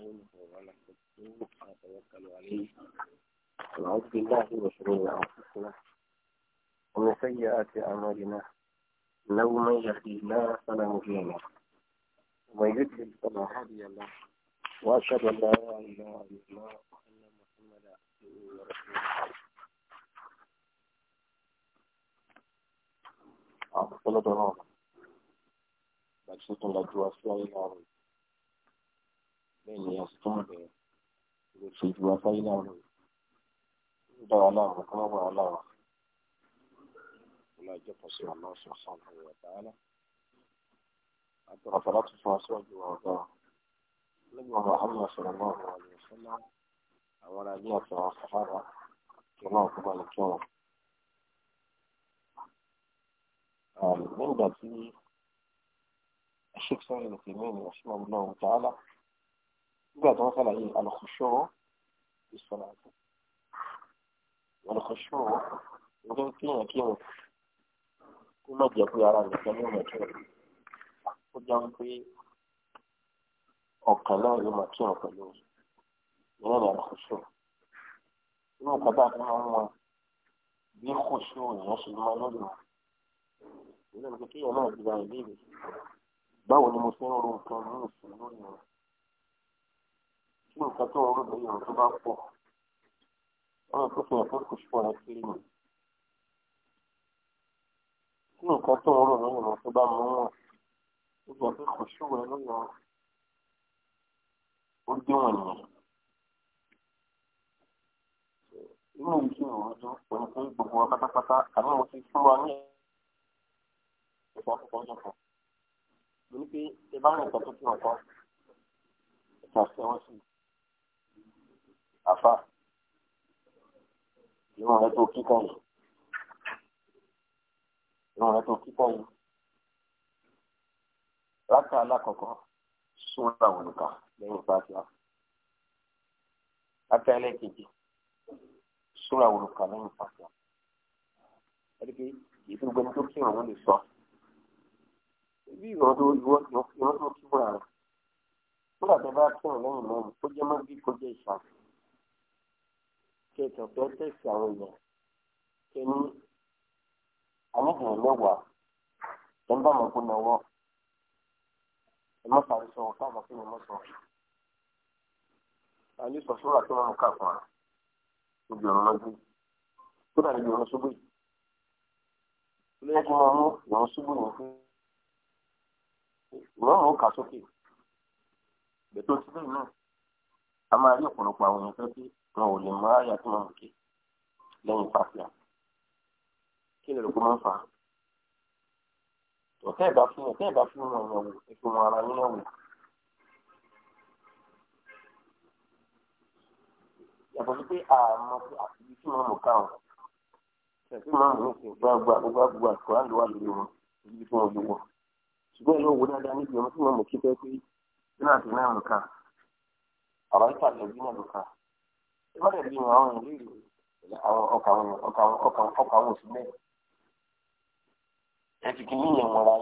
أقول وأنا كنت أتوكل عليه ونعوذ بالله من أنفسنا ومن سيئات أعمالنا لو من يهدي الله فلا مضل له ومن يضلل فلا هادي له وأشهد أن لا إله إلا الله وأن محمدا عبده ورسوله أفضل ضلالة بل صوت الله جوا سوى الله بين يسطوله وبينه ضعلاء وضعلاء ولا جفص الله سبحانه وتعالى أدرى ثلاث فاسوة وضع نبي محمد صلى الله عليه وسلم أولا جاء الصحابة كما قبل الكون من ذاتي الشيخ سعيد الكريم رحمه الله تعالى nígbà tí wọ́n ṣàlàyé àlọ́kọ̀ṣọ́ ìsọ̀rọ̀ àti àlọ́kọ̀ṣọ́ ìwé kéèyàn kéèyàn kó má jẹ́ pé ara nìkan ní ọ̀nà kẹrin ó jẹ́ pé ọ̀kan náà ló máa kí ọ̀kan lóhùn ìyẹn ní àlọ́kọ̀ṣọ́ inú nǹkan bá fún wọn wọn bí kò sí òyìnbó ṣe máa lórí wọn ìlú nìkan kéèyàn náà gbéra ìbéèrè báwo ni mo fẹ́ rò nǹkan ní ìsìn lórí wọn tí nǹkan tó ń rògbò yàn tó bá pọ̀ ọ̀rọ̀ tó fi ẹ̀fọ́ kò ṣùpọ̀ rẹ̀ kiri nù tí nǹkan tó ń rògbò yàn tó bá mú wọn ó jẹ́ pé kò ṣùwọ̀ ẹ̀ lọ́nà ó dé wọn nìyẹn. inú ìṣe ìròyìn òun pé gbogbo wa pátápátá àmọ́ mo ti fún wa ní ìṣọ́ àkọ́kọ́ ọjọ́ kan. mo ní pé ẹ bá rìn nǹkan tó fi hàn kan ẹ̀ka ṣẹ́wọ́n sí i àfà irun rẹ tó kíkọ yìí irun rẹ tó kíkọ yìí rákà alákọ̀ọ́kọ́ súnra wọn nìkan lẹ́yìn fàtíà rákà ẹlẹ́kejì súnra wọn nìkan lẹ́yìn fàtíà ẹni pé ìdúgbò ní tó kí òun lè sọ bí ìwọ́n tó ìwọ́ ìwọ́n tó kí wọ́n rẹ̀ nígbà tó bá kí òun lẹ́yìn lẹ́yìn kó jẹ́ mọ́ bí kó jẹ́ ìṣàkóso. kéètò pé ó tẹ̀sí àwọn èèyàn kí ní àníkèrè lọ́wọ́ ẹ̀ ń bá wọn kó ni mo sọ. àyè sọ sóra tí wọ́n mú káàkó àrùn níbi ọ̀run lọ́jọ́ kódà ihe mú ṣubú fún kà sókè. bẹ̀tọ̀ náà. a máa rí ọ̀pọ̀lọpọ̀ àwọn èèyàn fẹ́ pé wọn ò lè máa yà tí wọn kì lẹ́yìn pàṣẹ kí lè lóko máa ń fà á ọ̀tẹ́ ìbá fún ọ̀tẹ́ ìbá fún wọn ìyàwó ìfún ara yín náà wò. yàtọ̀ sí pé àmọ́ pé àtibí tí wọ́n mú káwọn tẹ̀sí máa ń mú ìsìn gbàgbà gbogbo àgbogbo àkùrá ló wà lórí wọn ibi tí wọ́n lè wọ̀ ṣùgbọ́n ìlú òwò dáadáa níbi ọmọ tí wọ́n mú kí fẹ́ pé ọ̀rọ̀ ìtàlẹ̀ ìgbìmọ̀ nìkan ìmọ̀lẹ̀ wọn àwọn ìrírí ọkà àwọn oṣù mẹ́rin ẹ ti kìíní yẹn wọ̀ra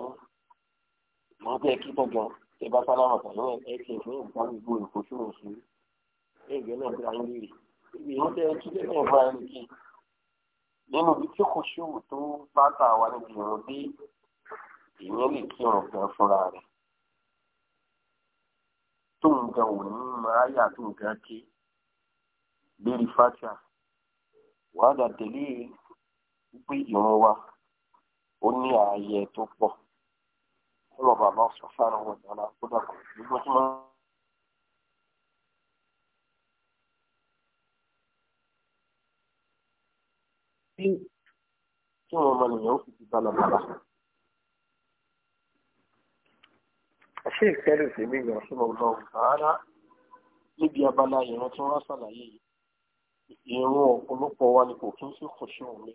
mo ń kí tọ́jọ́ ṣe bá sálámà pẹ̀lú ẹ ti ẹ̀fọ́ ìgbàlù ìgbò ìkó sí oṣù ẹgbẹ́ náà bí wọn léèrè ibi ìwọ́n tẹ kí lẹ́yìn ẹ̀fọ́ ẹ̀ nìkí nínú ibi tí kò ṣòwò tó bá tà wá níbi ìrùn dé ìyẹn lè kí ọ̀rọ̀ gan fúnra rẹ̀ tó nǹkan ò ní máa yà tó nǹkan ké lórí fatia wàá dà tẹ̀lé pé ìran wa ó ní ààyè tó pọ̀ ọlọ́ bàbá sọ fáwọn ọmọ ìdáná tó dàgbà nígbà tí wọ́n. tí wọn mọ nìyẹn ó fi ti balabala. àṣé ìfẹ́rù tèmi yàn fún ọ̀nà ọ̀gbàrá níbi abala ìran tí wọ́n ṣàlàyé ìrun ọ̀pọ̀lọpọ̀ wa ni kò kí ń fi kùsù mi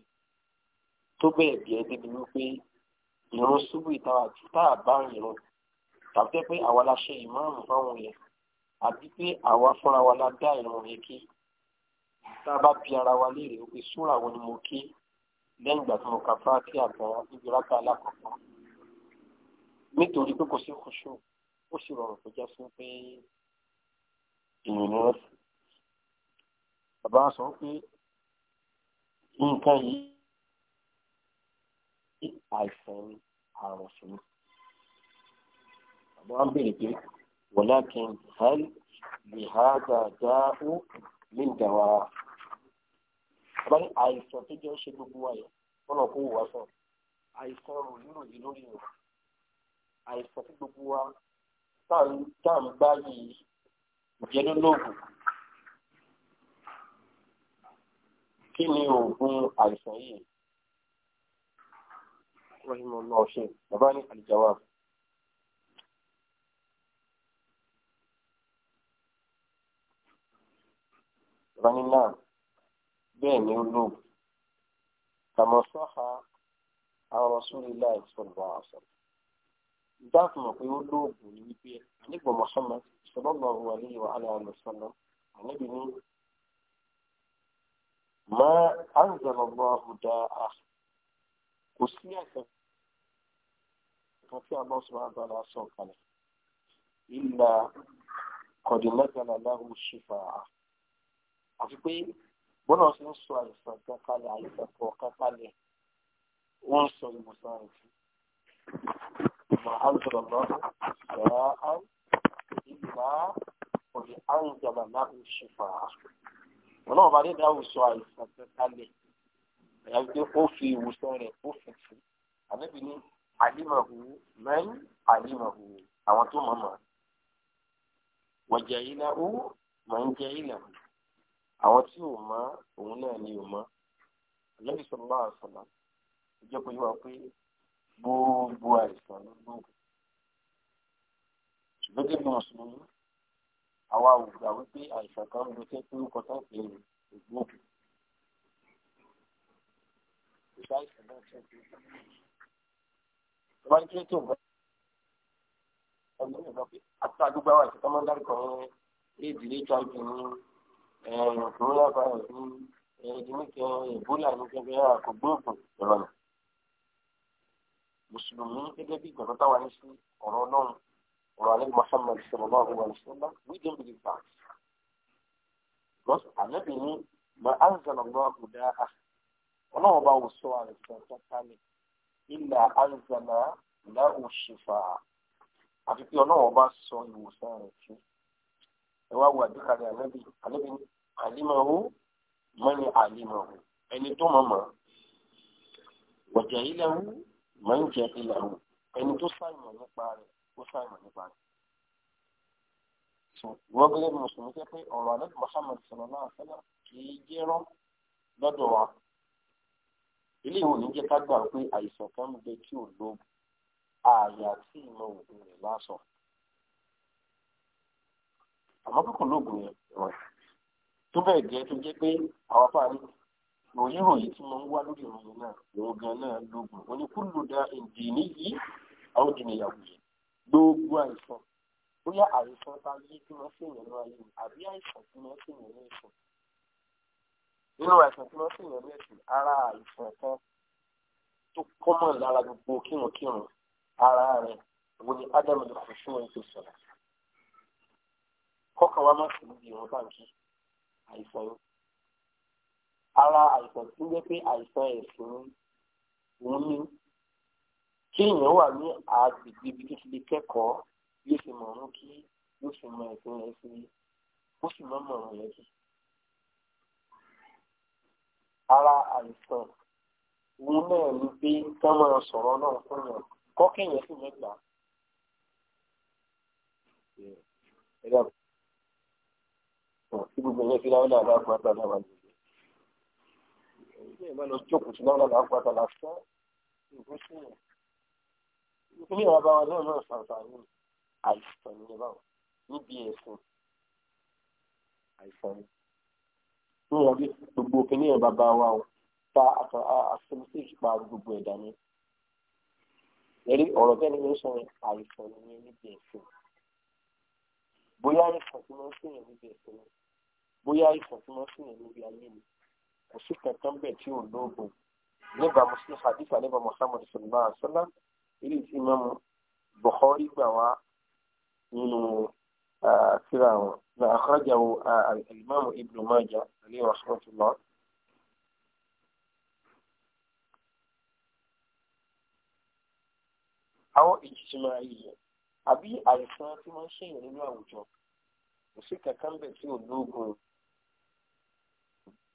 tó bẹ́ẹ̀ bí ẹ débi wípé ìrun ṣubú ìtara jù tá a bá ìrun tàbí pé àwa la ṣe ìmáàmù fáwọn yẹn àbí pé àwa fúnra wa la dá ìrun yẹn kí tá a bá bi ara wa léèrè wípé súrà wo ni mo kí lẹ́yìn ìgbà tí mo kà fáà kí àgbà níbi rákà alákọ̀ọ́kọ́ nítorí pé kò sí kòṣó ó sì rọrùn tó já sí pé ìrìn ni wọ́n fi bàbá wa sọ pé nǹkan yìí àìsàn àrùn sí ni bàbá wa ń béèrè pé wọ́lákin hal lihada dáhù ní ìdáwà bàbá ní àìsàn tó jẹ́ ṣe gbogbo wa yẹn wọ́n lọ kó wò wá sọ àìsàn rò nínú yìí lórí rẹ̀ àìsàn fún gbogbo wa tá à ń gbá yìí ìjẹ́dólógùn kí ni oògùn àìsàn yìí rahimu allah ṣe bàbá ní aljawab bàbá ní náà bẹ́ẹ̀ ni ó lóògùn kàmọ́sọ́ha àwọn rasulillah sallallahu alaihi wasallam. dáàbò mọ̀ pé ó lóògùn ní wípé nígbà Muhammad sallallahu alaihi wa ma anzala Allahu da'a kò sí ẹ̀sẹ̀ kan tí Allah subhanahu wa ta'ala sọ kalẹ̀ illa qad ila lahu shifa'a àti pé bọ́lá ń sọ àìsàn kan kalẹ̀ àìsàn ما أنزل الله شفاء إلا وفي أنزل الله الشفاء ọlọ́run bá dédé àwùsọ àìsàn tẹ́tàlẹ̀ ẹ̀yà pé ó fi ìwòsàn rẹ̀ ó fi fún àbẹ́bí ní àlímọ̀hù mẹ́rin àlímọ̀hù àwọn tó mọ̀ mọ̀ wọ̀jẹ̀ ilẹ̀ ó mọ̀ ń jẹ́ ilẹ̀ àwọn tí ò mọ̀ òun náà ni ò mọ̀ àlẹ́bí sọ̀rọ̀ bá sọ̀rọ̀ ìjọba yìí wà pé gbogbo àìsàn ló lóògùn ṣùgbọ́n kí ni mùsùlùmí àwa ò gbà wípé àìsàn kan ló fẹ́ pé ó kọjá ìpele ìgbóògùn ìṣàìsàn náà ṣe pé wọ́n kí tó bá ẹgbẹ́ ìgbà pé àti àdúgbò àwọn àìsàn kan máa ń dárúkọ éèdì ní hiv ní kòrónà eh, virus ní ẹ̀ẹ́dínlẹ́kẹ̀ẹ́ eh, ìbólà ní kẹ́kẹ́ àkọ́gbóògùn ah, ìrọ̀lẹ́ mùsùlùmí gẹ́gẹ́ bí ìgbàgbọ́ táwa ní sí ọ̀rọ̀ ọlọ́run ọ̀rọ̀ alẹ́ Muhammad sallallahu alaihi wasallam we don't believe that because ànábì ní ma anzal Allahu daa'a ọlọ́run ọba wò sọ àrẹ̀sẹ̀ tọ́tálẹ̀ illa anzala lahu shifaa àti pé ọlọ́run ọba sọ ìwòsàn rẹ̀ sí ẹ wá wo àdúkàlẹ̀ ànábì ànábì ní àlímọ̀ọ́ mọ́ni àlímọ̀ọ́ ẹni tó mọ̀ mọ̀ wọ̀jẹ̀ ilẹ̀ wù mọ̀ ń jẹ́ ilẹ̀ ọ̀hún ẹni tó ṣàìmọ̀ nípa rẹ̀ ó ṣàìmọ̀ nípa rẹ̀. wọ́n gbé mùsùlùmí jẹ́ pé ọ̀rọ̀ alẹ́ Muhammad sallallahu alaihi wasallam kì í jẹ́rọ́ lọ́dọ̀ wa ilé ìwò ní jẹ́ ká gbà pé àìsàn kan ń bẹ tí ò lóògùn ààyè àti ìmọ̀ òògùn rẹ̀ lásán àmọ́ pé lóògùn yẹn tó bẹ́ẹ̀ jẹ́ tó jẹ́ pé àwọn afáàní ròyìn ròyìn tí mo ń wá lórí ìròyìn náà lòun gan náà lóògùn wọn ni kúlù dá èdè níyì àwọn ènìyàwó yìí gbogbo àìsàn bóyá àìsàn bá yí bí wọn sì yàn ní ayé àbí àìsàn tí wọn sì yàn ní ẹsìn nínú àìsàn tí wọn sì yàn ní ẹsìn ara àìsàn kan tó kọ́mọ̀ lára gbogbo kírunkírun ara rẹ̀ òun ni ádámù lè fún fún ètò sọ̀rọ̀ kọ́kàn wa má sì níbi ìwọ̀n báńkì àìsàn yìí ara àìsàn tí ń jẹ́ pé àìsàn ẹ̀sìn òun ní kí èèyàn wà ní agbègbè ibi tó ti lè kẹ́kọ̀ọ́ yóò sì mọ̀ ọ́n kí yóò sì mọ ẹ̀sìn rẹ̀ sí ó sì mọ̀ mọ̀ rẹ̀ sí. ara àìsàn òun náà ni pé kí wọ́n máa sọ̀rọ̀ náà fún yàn kọ́ kéèyàn sì mẹ́gbà. Ìgbìmọ̀ yẹn fi láwọn náà bá gbọ́ àgbà náà wáyé kí èèyàn bá lọ jókòó ṣùgbọ́n ọlọ́run á padà là fún ìlú sí yẹn nítorí ìwà bá wọn lọ́wọ́ náà ṣàǹfààní àìsàn nìyẹn báwọn níbi ẹ̀sìn àìsàn ni ní wọn rí gbogbo kìnìún bàbá wa o ta àfẹnusẹ́jì pa gbogbo ẹ̀dá ni ẹ̀rí ọ̀rọ̀ bẹ́ẹ̀ ni mo ń sọ àìsàn nìyẹn níbi ẹ̀sìn bóyá àìsàn tí wọ́n ń sèyàn níbi ẹ̀sìn ni bóyá àìsàn tí wọ́n ń sèyàn níbi ayé ni kò sí kankan bẹ́ẹ̀ tí ò lóògùn nígbà muslim hadith alẹ́ bá muhammad sallallahu alaihi wa sallam ilé tí imam bukhari gbà wá nínú síra wọn na akhrajahu alimami ibn majah alayhi rahmatullah. àwọn ìjìjìmọ̀ ayé àbí àìsàn tí wọ́n ń ṣèyàn nínú àwùjọ kò kankan bẹ́ẹ̀ tí ò lóògùn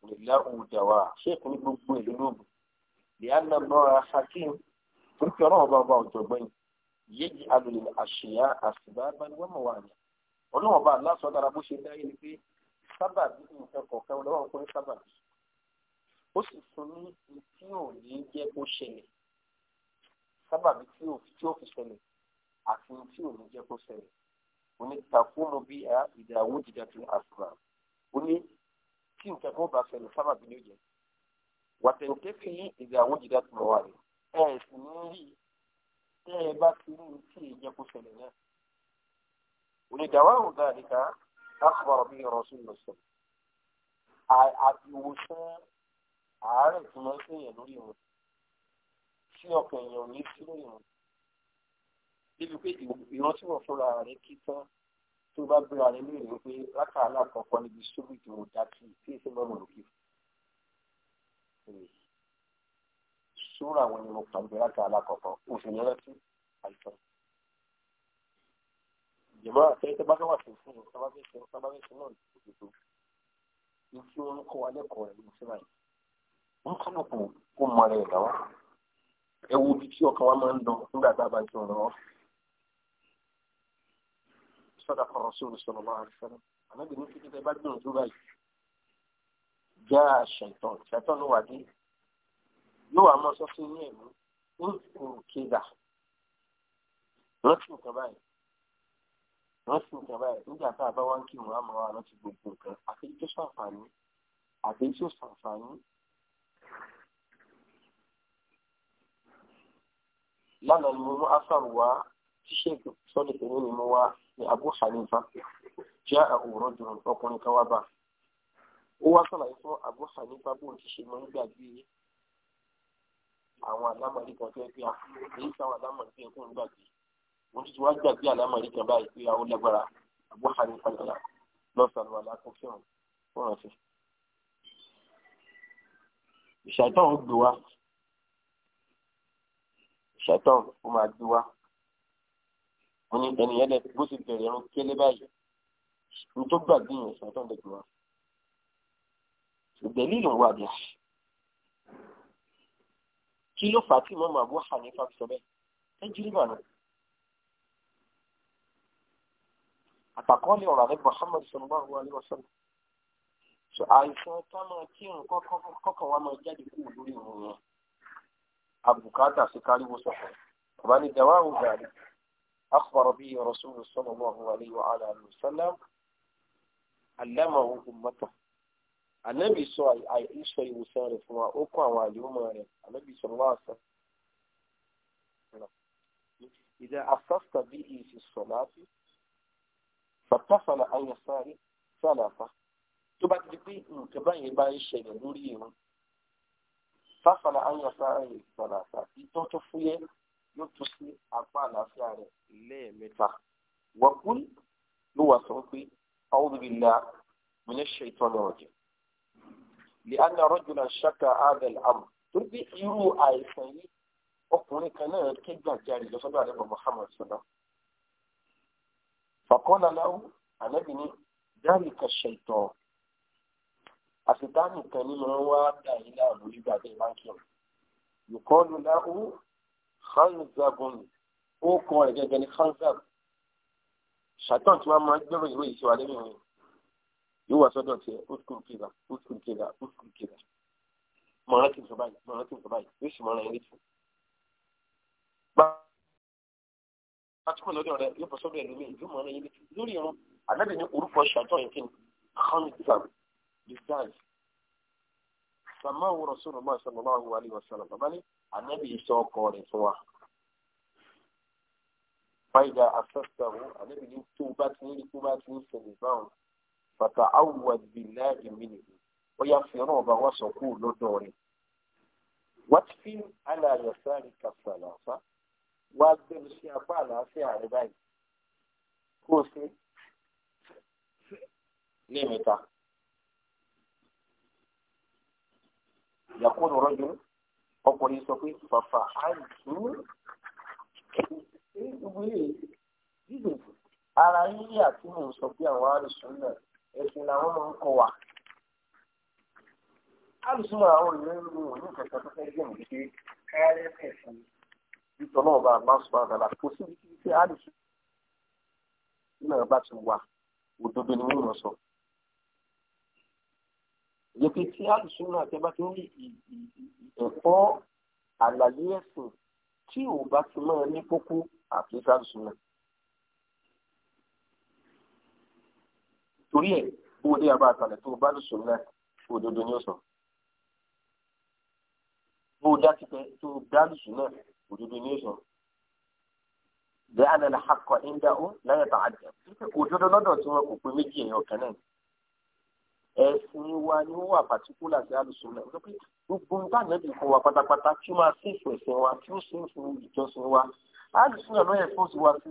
lèlá òdàwà ṣéèkùn gbogbo ìlú lóògùn lèyànà lọ́ra hakim tókè ọlọ́run bá bá ọ̀jọ̀gbọ́n yéèjì alòlè àṣeyà àṣìbá abániwọ́mọ̀ wà ní ọlọ́run bá aláṣọ dára bó ṣe dáyé ni pé sábàbí nǹkan kọ̀ọ̀kan ọlọ́run pé sábàbí ó sì fún ní tí ò ní jẹ́ kó ṣẹlẹ̀ sábàbí tí ò fi ṣẹlẹ̀ àti tí ò ní jẹ́ kó ṣẹlẹ̀ onítakùnmọ́ bí ìdáwó dídá tó àṣùwà ó ní tí nǹkan kan bá ṣẹlẹ̀ sábàbí ni ó jẹ́ wàtẹ̀ǹkẹ́ fi èdè àwọn jìdá tó wà rẹ̀ ẹ sì ní rí tẹ́ ẹ bá ti rí tí èyí jẹ́ kó ṣẹlẹ̀ náà onídàáwọ̀ ọ̀gá àdìgá akhbar bihi rasulullah àti ìwòsàn àárẹ̀ tó máa ń ṣèyàn lórí wọn tí ọkàn èèyàn ò ní sí lórí wọn débi pé ìrántí wọn fúnra rẹ̀ kí tán tó bá gbé wa nílé ìlú pé lákà alákọ̀ọ́kọ́ níbi ṣúbìtì ò dá sí tí èsì mọ́mọ́ òkè. sóra àwọn ni mo kà níbi lákà alákọ̀ọ́kọ́ òfin ni rántí àìsàn. ìjọba àtẹ́yẹ tó bá fẹ́ wà sí fún un tó bá fẹ́ sọ tó bá fẹ́ sọ náà òdodo. ní tí wọ́n ń kọ́ wa lẹ́kọ̀ọ́ rẹ̀ ló fẹ́ràn yìí. wọ́n kọ́ lọ́kùn kó mọ ẹ̀ lọ́wọ́. ẹ wo ibi tí ọkàn wa máa ń lọ nígbà tá a bá ń sọ̀rọ̀ صدق الرسول صلى الله عليه وسلم أنا بنقول كده بعد من دبي جاء الشيطان الشيطان هو دي yóò wá mọ sọ fún yín ẹ̀mí nkùnkìdà a ní Abu Hanifa jẹ́ àwòrán dùn ọkùnrin kan wá bá ó wá sàlàyé fún Abu Hanifa bóun ti ṣe máa ń gbàgbé àwọn alámọ̀rí kan fẹ́ bí èyí táwọn alámọ̀rí fẹ́ fún gbàgbé mo ní ti wá gbàgbé alámọ̀rí kan báyìí pé àwọn lágbára Abu Hanifa lọ́la lọ́sàn-án alákùn fẹ́ràn fọ́ràn sí. ìṣàtọ̀ ń gbé wa ìṣàtọ̀ ó máa gbé wa wọn ní ẹni yẹn lẹ bó ti bẹ̀rẹ̀ ẹran kélé báyìí ní tó gbàgbé yẹn sọ tó ń dẹgbẹ wa ìgbẹ́lí ìlú wa bíà kí ló fà á kí mọ́mọ́ àbúrò hà ní fáfi sọ bẹ́ẹ̀ ẹ jírí bà náà. àtàkọ́lé ọ̀rọ̀ àrẹ Muhammad sallallahu alaihi wasallam àìsàn ká máa kí nǹkan kọ́kàn wá máa jáde kúrò lórí ìrùn yẹn àbùkátà sí káríwó sọ̀tọ̀ bàbá àwùjọ àdìgbò. أخبر به رسول صلى الله عليه وعلى آله وسلم علمه أمته النبي صلى الله عليه وسلم وأقوى وعلمه النبي صلى الله عليه وسلم إذا أخفت به في الصلاة فاتصل عن يساره ثلاثة تبدي بي كبان يبان الشيء يقول فاتصل عن يساره ثلاثة يتوتفوه yóò tún sí apá àlàáfíà rẹ̀ lẹ́ẹ̀mẹ́ta wọ́pùl ló wà sọ pé أعوذ بالله من الشيطان الرجيم لأن رجلا شكا هذا الأمر torí irú àìsàn yìí ọkùnrin kan náà ké gbàjarì lọ́sọ́dọ̀ àdébọ̀ Muhammad sọ̀dọ̀ fàkọ́lá láwù ànábì ní dáàlì kan ṣètò àṣetánì kan nínú wọn wá dà yín láàmú nígbà tó máa ń kírun yòkọ́lù láwù hanzagun ó kan rẹ̀ gẹ́gẹ́ ní hanzab ṣàtàn tí wọ́n máa ń gbẹ́rọ ìwé ìṣòwò alẹ́ mìíràn yóò wá sọ́dọ̀ tiẹ̀ uskun kira uskun kira uskun kira mọ̀ rántí nǹkan báyìí mọ̀ rántí nǹkan báyìí yóò sì mọ̀ ọ́nà ẹni tì. Bátukọ̀ lọ́dọ̀ rẹ̀ yóò bọ̀ sọ́dọ̀ ẹ̀lómi yóò mọ̀ ọ́nà ẹni tì lórí ẹ̀rọ àdábì ní orúkọ ṣàtọ̀ yìí kí ni hanzab bizaz. Sàmáwò Rasulullah sallallahu alaihi wasallam bàbá ní ànábì sọ ọkọ rẹ̀ fún wa fáìdà àfẹ́sàwọ́ ànábì ní tó bá ti ń rí tó bá ti ń ṣẹlẹ̀ báwọn bàtà àwùwà bìlá ìmìnì ó yà fẹ́ràn ọba wa sọ kúrò lọ́dọ̀ rẹ̀ wàtífín aláyọ̀sáàrí kàfà wàá gbẹ̀rù sí apá àlàáfíà rẹ̀ báyìí kó o ṣe lẹ́ẹ̀mẹ́ta. يكون رجل ọkùnrin sọ pé fàfà àìsú ìwé ìdè ara yíyí àti mò ń sọ pé àwọn àìsùn náà ẹ̀sìn làwọn máa ń kọ wà. àìsùn àwọn ìlú ìlú òní ìkẹta tó fẹ́ jẹ́ òní pé káyọ̀ ẹ̀sìn nítorí náà bá àgbà sọ àgbàlá kò sí ibi tí àìsùn náà bá ti wà òdodo ni wọ́n mọ̀ sọ lókè tí alùsùnà àtẹ́bá tó ní ẹ̀kọ́ àlàyé ẹ̀sìn tí ò bá ti máa ní kókó àti alùsùnà. torí ẹ̀ bó dé abá àtàlẹ̀ tó bá alùsùnà òdodo ni ó sọ. bó dá tipẹ́ tó dá alùsùnà òdodo ni ó sọ. bẹ́ẹ̀ ni alẹ́ ha kọ́ ẹ̀ ń dá ó láyẹ̀ tàà jẹ́ òdodo lọ́dọ̀ tí wọ́n kò pé méjì èèyàn kan náà ẹ̀sìn wa ni ó wà pàtíkúlà sí alùsùn náà wípé gbogbo nǹkan nẹ́bí fún wa pátápátá tí ó máa sí ìfún ẹ̀sìn wa tí ó sì ń fún ìjọsìn wa alùsùn náà lọ́yẹ̀ fún sí wa sí.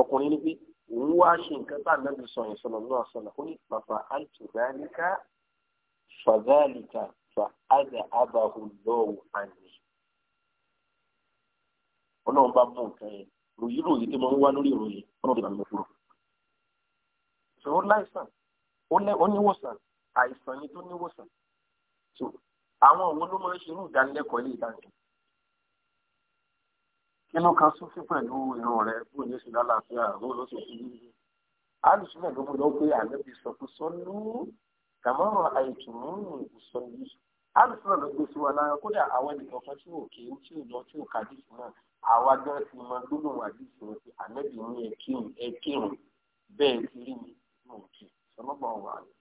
ọkùnrin ni pé òun wá ṣe nǹkan tá nẹ́bí sọ yẹn sọ̀rọ̀ náà sọ̀rọ̀ ó ní bàbá àìtù dáríkà fàdáàlìkà fà ájà àbàhùn lọ́wọ́ àná ọlọ́run bá mú nǹkan yẹn ròyìn ròyìn tí mo ń wá lórí ìròyìn ọ̀nà ìdàgbà mi kúrò. so ó láìsàn ó níwòsàn àìsàn ni tó níwòsàn so àwọn òun ló máa ń ṣe irú ìdánilẹ́kọ̀ọ́ ilé ìdájọ́ kí ló kan súnfín pẹ̀lú ìran rẹ̀ bó ní oṣù lálàáfíà bó ló sì fi alùsùnmọ̀ ló mú lọ pé ànábi sọ pé sọlú kàmọ́rọ̀ àìtùmí ìsọlú alùsùnmọ̀ ló gbé sí wa lára kódà àwọn ẹnìkan kan tí ò kéwú tí ò lọ tí ò kájí sí náà àwa gan ti mọ gbólóhùn àdìsí wọn sí ànábì ní ẹ kírun ẹ kírun bẹ́ẹ̀ ti rí mi mò ń kí sọlọ́gbà ọ̀wà rẹ̀.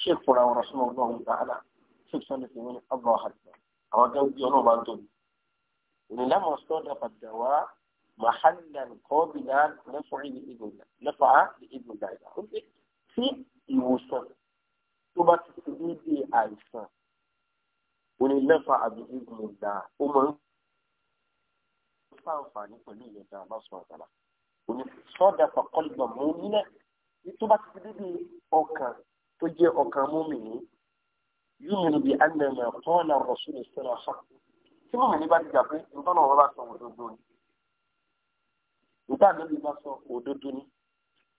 ṣé ìfura ọ̀rọ̀ sọ́nà ọlọ́run dáadáa ṣé ìfura ti wọ́n ní ọgbà àwọn gan bí ọlọ́run bá ń tóbi. ìrìnlámọ̀ sọ́dọ̀ fàdàwà màhálà kọ́bìlà lẹ́fọ̀ọ́ ní ìgbìmọ̀ lẹ́fọ̀ọ́ onílẹ́fà àbíkí ìgbìmọ̀dà ó máa ń fàǹfààní pẹ̀lú ìyọ̀dà aláṣọ àgbàlá òní sọ́ọ̀dà pàkọ́lùgbà mú nílẹ̀ tó bá ti débi ọkàn tó jẹ́ ọkàn mọ́mìnì yóò mìíràn bí anàmì àtọ́nà rọ̀ṣù lè sẹ́ra ṣá tí mọ́mìnì bá ti gbàgbé ntọ́nà wọn bá sọ òdodo ni nígbà mẹ́bí bá sọ òdodo ni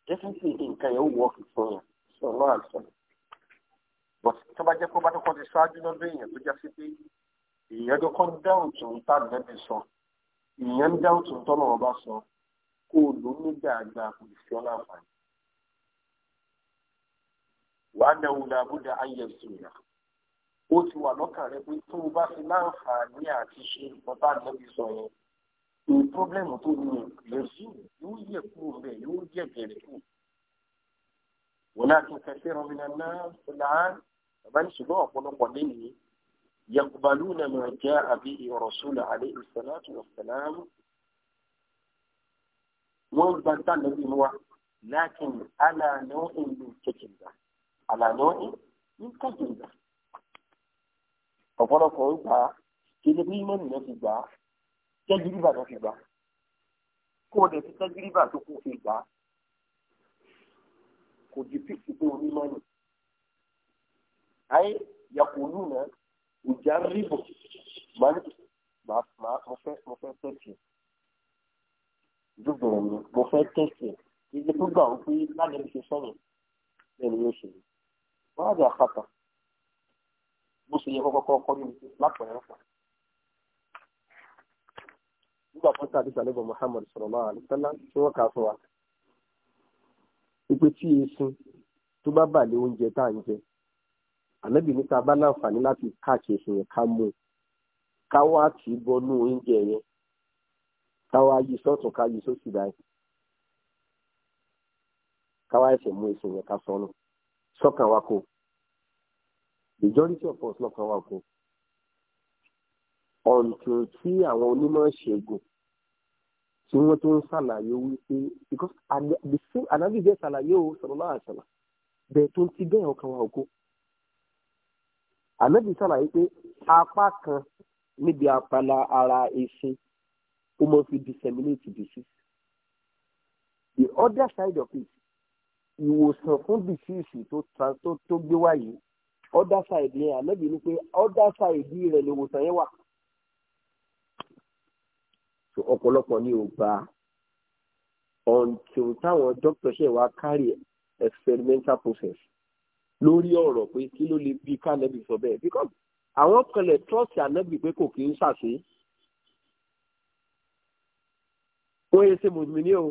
definitely nǹkan yẹn ó wọ́ fún yẹn sọ̀rọ̀ àìsàn but tó bá jẹ́ pé bá tó kọ́ ti ṣáájú lọ́dọ̀ èèyàn tó já sí pé èèyàn tó kọ́ dáhùn tó ń tà lẹ́bi sọ èèyàn dáhùn tó ń tọ́nà ọba sọ kó o lò ní dáadáa kò sí ọ́ láǹfààní. wàá na wùdà àbúdà ayé ìṣòyà ó ti wà lọ́kàn rẹ pé tó o bá fi láǹfààní àti ṣe ọba lẹ́bi sọ yẹn èyí pọ́blẹ́mù tó ní lẹ́sù yóò yẹ kúrò bẹ́ẹ̀ yóò yẹ bẹ̀rẹ̀ kù. ولكن كثير من الناس الآن bàbá ní ṣùgbọ́n ọ̀pọ̀lọpọ̀ lẹ́yìn yaqbaluna ma jaa bihi rasul alayhi salatu wa salam wọ́n gba tánàbí wa lakin ala naw'in min kẹkẹ̀dá ala naw'in min kẹkẹ̀dá ọ̀pọ̀lọpọ̀ gbà kéde bí mẹ́rin náà ti gbà tẹ́gíríbà náà ti gbà kó o dẹ̀ ti tẹ́gíríbà tó kó fi gbà kò ju fífi pé onímọ̀ nù. ayé yakulu náà ìjà rìbò màní màá mo fẹ́ mo fẹ́ tẹ̀sí dúdú rẹ̀ ni mo fẹ́ tẹ̀sí ilé tó gbà wípé lánàá ṣe sọ̀rọ̀ bẹ́ẹ̀ ni yóò ṣe Muhammad tí wọ́n kà fún wa. tí tó bá ànábì níta bá láǹfààní láti káàkiri ẹ̀sìn yẹn ká mú un ká wá tì í bọnú oúnjẹ yẹn ká wá yí sọ́tún ká yí sósì báyìí ká wá ẹsẹ̀ mú ẹ̀sìn yẹn ká sọnù sọ́kàn wa kò majority of us lọ́kàn wa kò ọ̀ǹtún tí àwọn onímọ̀ ṣègùn tí wọ́n tó ń ṣàlàyé wípé because ànábì bẹ́ẹ̀ ṣàlàyé o sọ̀rọ̀ láàṣàlà bẹ́ẹ̀ tó ń ti bẹ́ẹ̀ ọkàn wa kò ànábì sàlàyé pé apá kan níbi apala ara ẹṣin ó mọ fi disseminate disease the other side of it ìwòsàn fún disease tó tó gbé wáyé other side yẹn ànábì ní pé other side rẹ̀ ni ìwòsàn yẹn wà ọ̀pọ̀lọpọ̀ ni ò bá until táwọn doctor ṣe wá carry experimental process lórí ọ̀rọ̀ pé kí ló lè bí kánẹ́bì sọ bẹ́ẹ̀ because àwọn kanlẹ̀ trust ànẹ́bì pé kò kí ń ṣàṣe. wọ́n yẹ ṣe mùsùlùmí ní o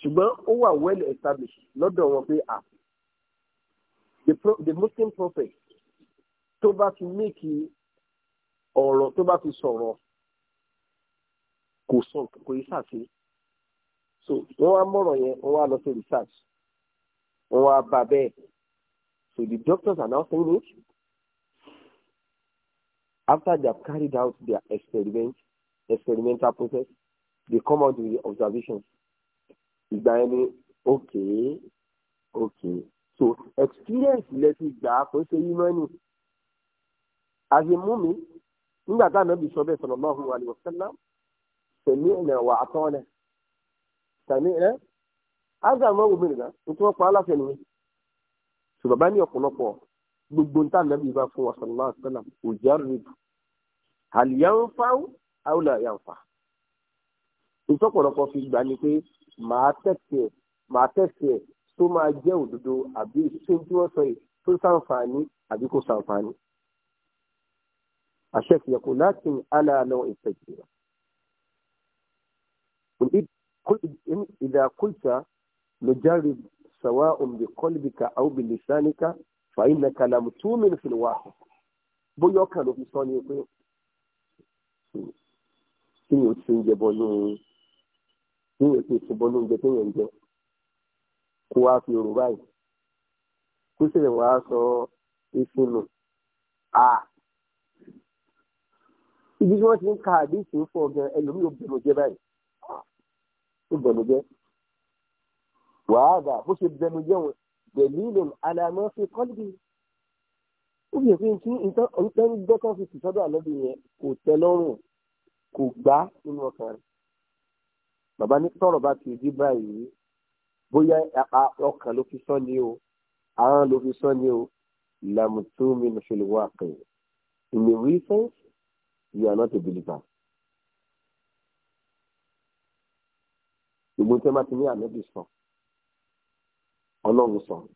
ṣùgbọ́n ó wà well established lọ́dọ̀ wọn pé à ah, the, pro, the muslim prophet tó bá ti méèkì ọ̀rọ̀ tó bá ti sọ̀rọ̀ kò sọ kò yí ṣàṣe. so wọ́n wá mọ̀rọ̀ yẹn wọ́n wá lọ sí research wọ́n wá bá bẹ́ẹ̀. So the doctors are now saying it. After they have carried out their experiment, experimental process, they come out with the observations. Is there any? okay okay so experience lẹ ti gbà á kó ṣe yín mọ́nì. Àṣẹ mú mi nígbà tá ànábì sọ bẹ́ẹ̀ sallallahu alaihi wasallam sami'na wa ata'na sami'na. Ágbà mọ́ wo mi nìkan, nítorí wọ́n pa á láṣẹ nìyẹn so bàbá ní ọ̀pọ̀lọpọ̀ gbogbo ń tà nàbí bá fún wa sallallahu alaihi wasallam òjá rèébù àlìyànfà àwòlà yànfà ìtọ́pọ̀lọpọ̀ fi gbà ni pé màá tẹ̀sí ẹ̀ màá tẹ̀sí ẹ̀ tó máa jẹ́ òdodo àbí ṣé tí wọ́n sọ yìí tó sàǹfààní àbí kò sàǹfààní. àṣẹ fi yẹ̀kọ́ láti aláàlọ́ ìtẹ̀jìrà. ìdàkùnjà ló járe bù sawa'un bi qalbika aw bi lisanika fa innaka lam tu'min fil wahid bóyá ọkàn ló fi sọ ni pé kí ni o ti ń jẹ bọ́nú kí ni o ti ti bọ́nú oúnjẹ tó yẹn ń jẹ kó wá fi òrò báyìí kó sì lè wá sọ ìfinu a ibi tí wọ́n ti ń ka àdéhùn fún ọ̀gán ẹlòmíì ò bẹ̀rù jẹ báyìí ó bẹ̀rù jẹ wàhálà bó ṣe bẹnu jẹun dẹ̀lílò alamọ́ fi kọ́lìbì ó yẹ kí n tí nǹkan gbọ́kàn fi tì sọ́dọ̀ àlọ́bì yẹn kò tẹ́ lọ́rùn kò gbá nínú ọkàn rẹ̀ bàbá ní tọ̀rọ̀ bá ti di báyìí bóyá ọkàn ló fi sọ ni o ahọ́n ló fi sọ ni o làmùtúmí nìṣẹlẹwà pẹ in a real you are not a believer. ìgbóntẹ́ máa ti ní ànábì sọ ọlọ́run sọ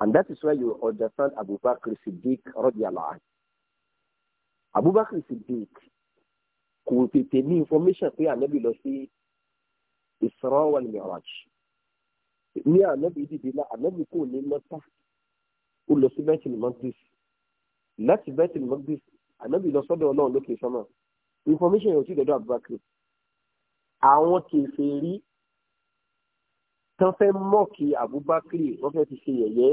and that is where you understand Abubakar Siddiq radiyallahu anhu Abubakar Siddiq kò tètè ní information pé ànábì lọ sí Isra wal Mi'raj ní ànábì dìde náà ànábì kò ní mọ́tà ó lọ sí Baitul Maqdis láti Baitul Maqdis ànábì lọ sọ́dọ̀ ọlọ́run lókè sọ́mọ́ information yóò ti dọ̀dọ̀ Abubakar àwọn kèfèrí tán fẹ́ mọ́ọ̀kì Abubakar wọ́n fẹ́ fi ṣe yẹ̀yẹ́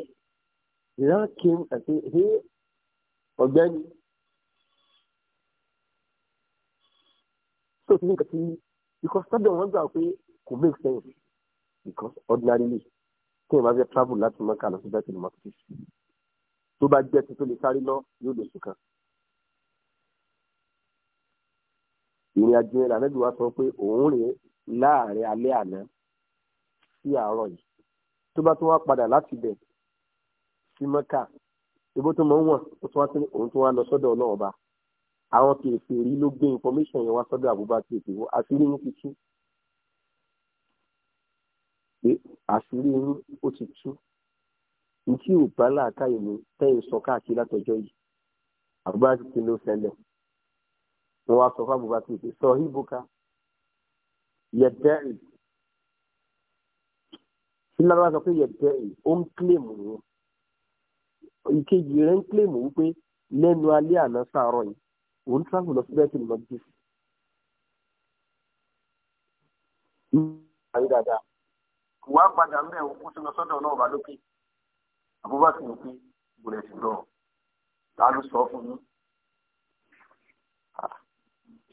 lákin àti hé ọ̀gbẹ́ni. tó ti ní nǹkan tí because stadium wọn gbà pé kò make sense because ordinarily tí èèyàn bá fẹ́ travel láti mọ́ka lọ sí bẹ́tẹ̀ lọ́mọ́ tó tó bá jẹ́ tuntun lè sáré lọ yóò lè sùn kan. ìrìn àjò yẹn lànà bí wàá sọ pé òun rèé láàrin alẹ́ àná sí àárọ̀ yìí tó bá tún wá padà láti bẹ̀ sí mẹ́kà ìbò tó mọ̀ ń wọ̀n ó tún wá sí òun tó wá lọ sọ́dọ̀ ọlọ́run ọba àwọn kèèfì rí ló gbé information yẹn wá sọ́dọ̀ Abubakar ètò àṣírí yín ti tú àṣírí yín tí lára sọ pé yẹ̀dẹ̀ ó ń kílèmù ni ìkejì rẹ̀ ń kílèmù wípé lẹ́nu alẹ́ àná sàárọ̀ yìí òun travel lọ sí bẹ́ẹ̀ tí mo lọ bí. ayé dáadáa kò wá padà ń bẹ̀ òkú tó lọ sọ́dọ̀ náà wà lókè Abubakar ní pé gbọ́dọ̀ ti lọ ta ló sọ fún yín.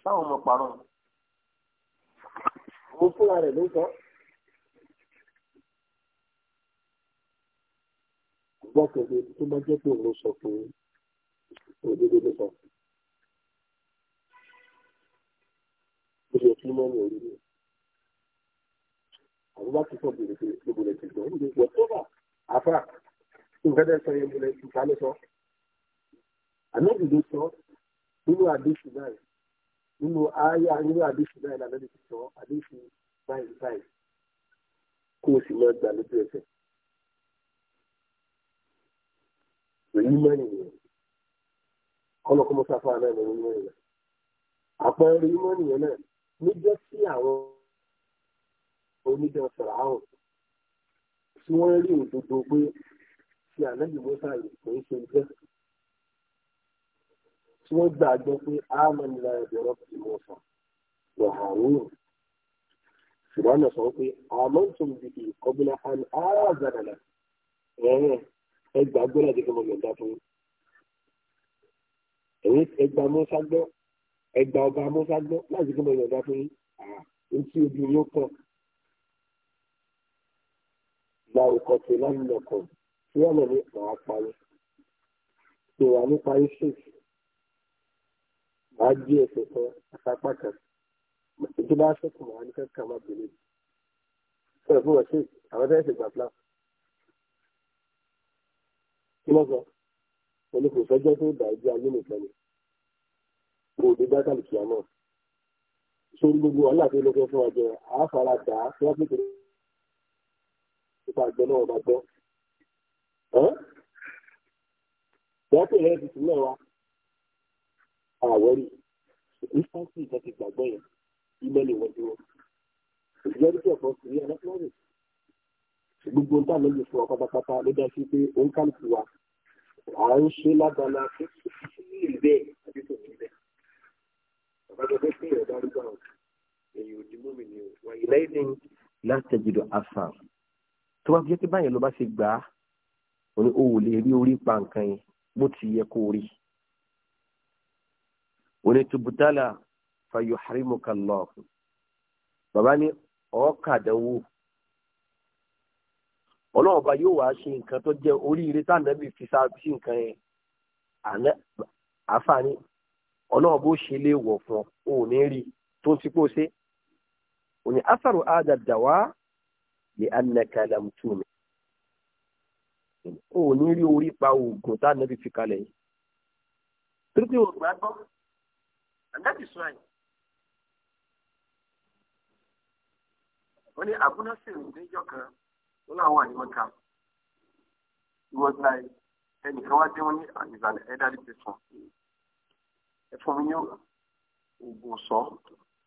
sáwọn ọmọ parọ́ mo fúnra rẹ̀ ló sọ. gbọ́kàn pé tó bá jẹ́ pé òun sọ fún òdodo nípa ó yẹ kí mọ́nì orí mi àwọn bá ti sọ bèrè pé ìbòlẹ̀ ti gbọ́ níbi ìgbọ́ tó bà áfà nǹkan tẹ́ sọ yẹn ìbòlẹ̀ ti ta ló sọ ànábì ló sọ nínú àdéṣù náà nínú àyà nínú àdéṣù náà lànà ti sọ àdéṣù báyìí báyìí kó o sì máa gbà lójú ẹsẹ̀. pé ìmọ̀nì yẹn kọ́nà kó mọ́ sáfà náà ní ìmọ̀nì yẹn àpẹẹrẹ ìmọ̀nì yẹn náà níjọ́ tí àwọn onídàá sọ̀rọ̀ àwọn tí wọ́n rí òdodo pé yìí kò ń ṣe tí wọ́n pé ámàn ní lára ìbẹ̀rọ ti mọ̀ sọ wàhálùú ṣùgbọ́n náà sọ pé àmọ́ tó ń ẹ gbà gbọ́ láti kí ọmọ yọ̀ǹda fún yín ẹ gbà mọ́sá gbọ́ ẹ gbà ọba mọ́sá gbọ́ láti kí ọmọ yọ̀ǹda fún yín n tí ojú ló pọ̀ gba òkò tó lánàá kan tí wọ́n lọ ní màá parí tó wà ní parí sèf màá jí ẹsẹ̀ kan àtàpá kan ìjọba sẹ́kù màá ní kẹ́kẹ́ máa bèrè sọ̀rọ̀ fún wọn sèf àwọn tẹ́lẹ̀ ṣègbà kí ló sọ wọn ni kò sọjọ́ tó dà ẹjọ́ ayé nìkan ni kò dé bá kàlùkì àná sórí gbogbo wàhálà tó lọ́kẹ́ fún wa jẹ àáfàrà dà á fún àpèkè nípa àgbẹ̀ náà ọba gbọ́ wọ́n pè é tuntun náà wa àwọ̀rí ìfọ́nsì ìjọ ti gbàgbọ́ yẹn ìmọ̀lẹ̀ wọ́n dúró ìjọ tó kọ̀ sí ẹ̀rọ gbogbo nǹkan àná lè fún ọ pátápátá ló dá sí pé òun kálukú wa à ń ṣe lágbára pé kò sí ìrẹ́ àti kò ní bẹ́ẹ̀. bàbá tó fẹ́ pé ìrọ̀dá ló gbà ọ́ èyí ò di mọ́mì ni o lẹ́yìn láti jìdọ̀ àṣà tó bá jẹ́ pé báyìí ló bá ṣe gbà á ò ní o lè rí orí pa nǹkan yẹn bó ti yẹ kó rí. ò ní tubutala fayo harimu kan lọ. bàbá ní ọ̀ọ́kà dánwò ọlọ́run ọba yóò wá ṣe nǹkan tó jẹ́ oríire tánàbì fi sá sí nǹkan yẹn àǹfààní ọlọ́run bó ṣe lè wọ̀ fún ọ ò ní rí tó ń ti pò ṣe ò ní ada dàwá lè anaka lamtumi ò ní rí orí pa oògùn tánàbì fi kalẹ̀ yìí tírítì oògùn àgbọ̀ àǹdájì sọ àyè. ó ní abúlé sì ń déjọ́ kan ó láwọn àyíwọ́ta ìwọ́ta ẹnìkan wá dé wọn ní àyíbalẹ̀ ẹ̀dáàdì ti sùn ẹ fún mi ní oògùn sọ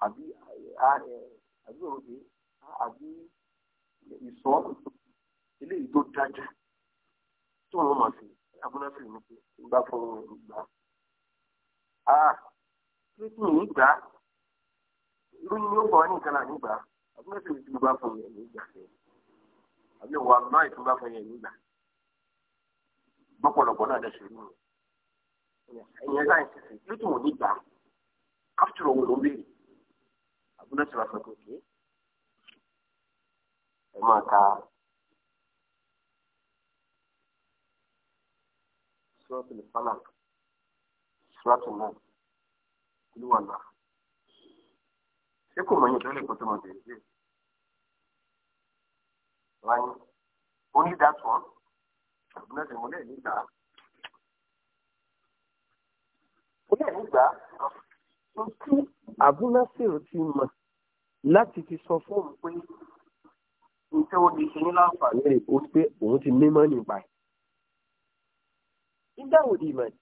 àbí àbí òde àbí ìsọ eléyìí tó dájú tí wọn máa fi abúlọ́sì ní pé ìgbà fún ìgbà a kí kí ní ìgbà lóyún ní ó bọ̀ ní ìkànnì ìgbà abúlọ́sì ní ìgbà fún ìgbà fún ìgbà àbí wà náà ìtura fún yẹn nígbà gbọ́pọ̀lọpọ̀ náà dẹ̀sẹ̀ nínú ẹ̀yìn ẹ̀dá ìṣẹ̀ṣẹ̀ yóò tún wọ́n nígbà after all ló ń béèrè àbúlé tí wàá fẹ́ kó ké ẹ máa ka sọ́ọ̀tì lè fánà sọ́ọ̀tì náà kúlúwà náà ṣé kò mọ̀ yín kí lè kó tó wọn ni only that one àbúrẹ́sẹ̀ mo lẹ́ẹ̀ nígbà nígbà tó sọ pé ṣe ní láǹfààní rẹ̀ ó pé òun ti nípa ẹ̀. nígbà wo di ìmọ̀ ẹ̀?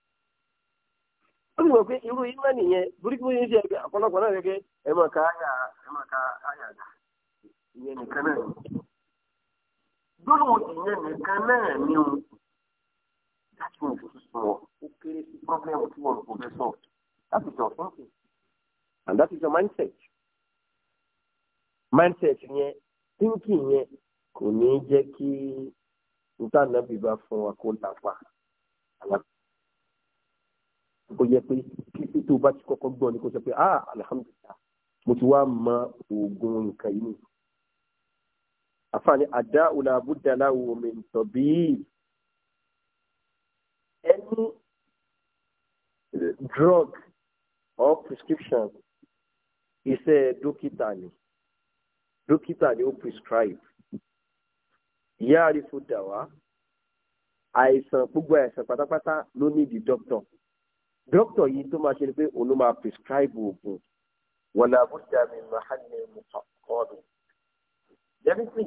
ó mọ̀ pé irú ìmọ̀ nìyẹn burúkú yìí ń ṣe ẹgbẹ́ náà gẹ́gẹ́ ẹ̀ mọ̀ ká àyà ẹ̀ mọ̀ ká àyà dà ìyẹn gbólóhùn ìyẹn nìkan náà ni o láti mú ìfòsùsùn wọ ó kéré sí pọ́blẹ́mù tí wọ́n kò fẹ́ sọ that is your thinking and that is your mindset mindset yẹn thinking yẹn kò ní jẹ́ kí ntànàbí bá fún wa kó lápá ó yẹ pé kí tó bá ti kọ́kọ́ gbọ́ ni kó sọ pé ah alihamudulilayi mo ti wá mọ oògùn nǹkan yìí àfààní ada òlàbùdàlà omi tobi any drug or prescription iṣẹ́ dókítà ni dókítà ni ó prescribe ìyá àrífò dàwá àìsàn gbogbo àìsàn pátápátá ló ní di doctor doctor yìí tó máa ṣe ni pé òun ló máa prescribe oògùn wọ̀làbùdàmí mahamman muhammadu jẹ́rìsì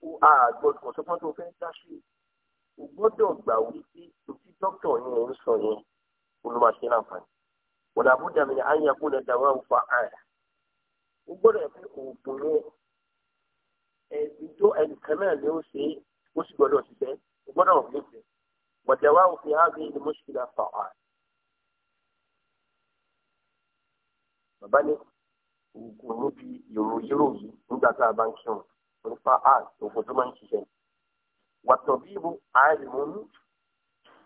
kò àgbọ̀dọ̀ kò sọ́kàn tó fẹ́ dá sí o gbọ́dọ̀ gbà wípé òtí dókítà yẹn ń sọ yẹn olùmọ̀ṣẹ́ láǹfààní wọ́n àbújá mi ni àyìn ẹ̀kọ́ lẹ́dà wà ń fa àyà o gbọ́dọ̀ yẹ pé oògùn yẹn ẹ̀ẹ́dì tó ẹnìkan náà ni ó ṣe ó sì gbọ́dọ̀ ṣiṣẹ́ o gbọ́dọ̀ ọ̀gbìn ṣe wọ̀dà wà òfin àgbẹ̀ ni mo ṣì kò níbi ìrò yírò yìí nígbà tá a bá ń kírun nípa art ògùn tó máa ń ṣiṣẹ́. wàtọ̀ bí ibo àìlèmọ́ ní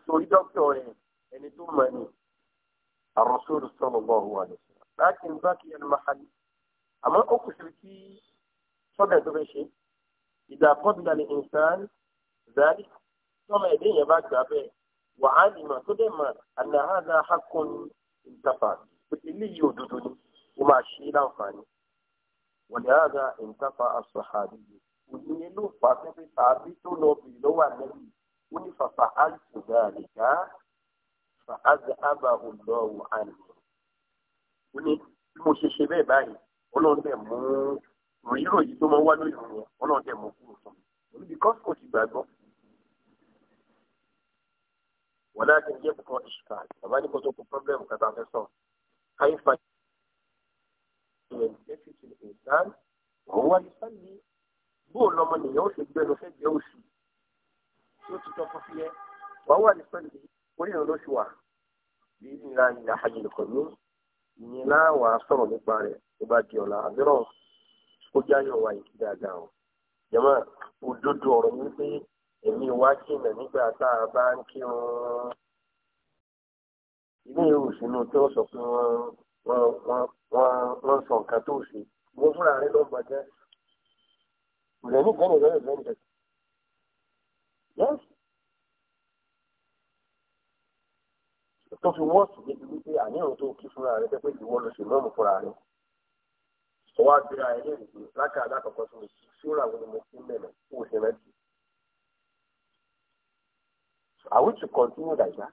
torí dókítà rẹ̀ ẹni tó mọ̀ ní àròsóòrò sọ̀rọ̀ bọ̀ wà ní. láti ń bá kí ẹnu máa hali àmọ́ ó kù sí kí sọ́dà tó fẹ́ ṣe ìdàkọ́bìnrin ní ìsàn zari tọ́mọ ẹ̀dẹ́ yẹn bá gbà bẹ́ẹ̀ wàhálì mà tó dẹ̀ mà àná àdá hakùn ìtàfà eléyìí òdodo ni ó máa ṣe láǹfààní wọ̀lẹ́hàgà ìǹkáfà àṣàhàdì òyìnbó ló fà sẹ́fẹ́ tàbí tó lọ bì lọ́wọ́ àlẹ́bí ó ní fàfà àìsùdà àlìká fà áza ábà òlọ́wọ́ àlè ó ní bí mo ṣe ṣe bẹ́ẹ̀ báyìí ọlọ́run dẹ̀ mú ròyìnròyìn tó máa wá lórí ìrìn yẹn ọlọ́run mú kúrò fún mi because kò ti gbàgbọ́. wọ́n láti yẹ kọ́ ìṣùkà bàbá kó pọ́blẹ́mù kàtà fẹ́ sọ káyífà يلتفت الإنسان وهو يصلي بول من يوشك بينه في يوشي شو تتوقفيه وهو يصلي وليه نشوى بإذن الله إلى حج القدوم نلا وأصر نبارة نباتي ولا أذرون kójá yọ wá yìí dáadáa o jọmọ òdodo ọ̀rọ̀ yìí pé èmi wá kìnnà nígbà tá a bá ń kírun ilé ìwòsàn náà tó sọ pé wọn wọ́n wọ́n wọ́n wọ́n sọ nǹkan tó ṣe wọ́n fúnra rẹ̀ lọ́ọ́ gbàjẹ́ rẹ̀ ní kẹ́rẹ̀ rẹ̀ rẹ̀ rẹ̀ yẹ́sì tó fi wọ́ọ̀sì débi wípé àníyàn tó kí fúnra rẹ̀ pé ìwọ ló ṣe mọ́ọ̀mù fúnra rẹ̀ sọ wá gbéra ẹ ní ìrìnnà lákà alákọ̀ọ́kọ́ sí mi ṣúra wo ni mo fi mẹ́mẹ́ kó o ṣe mẹ́tì. Are we to continue like that?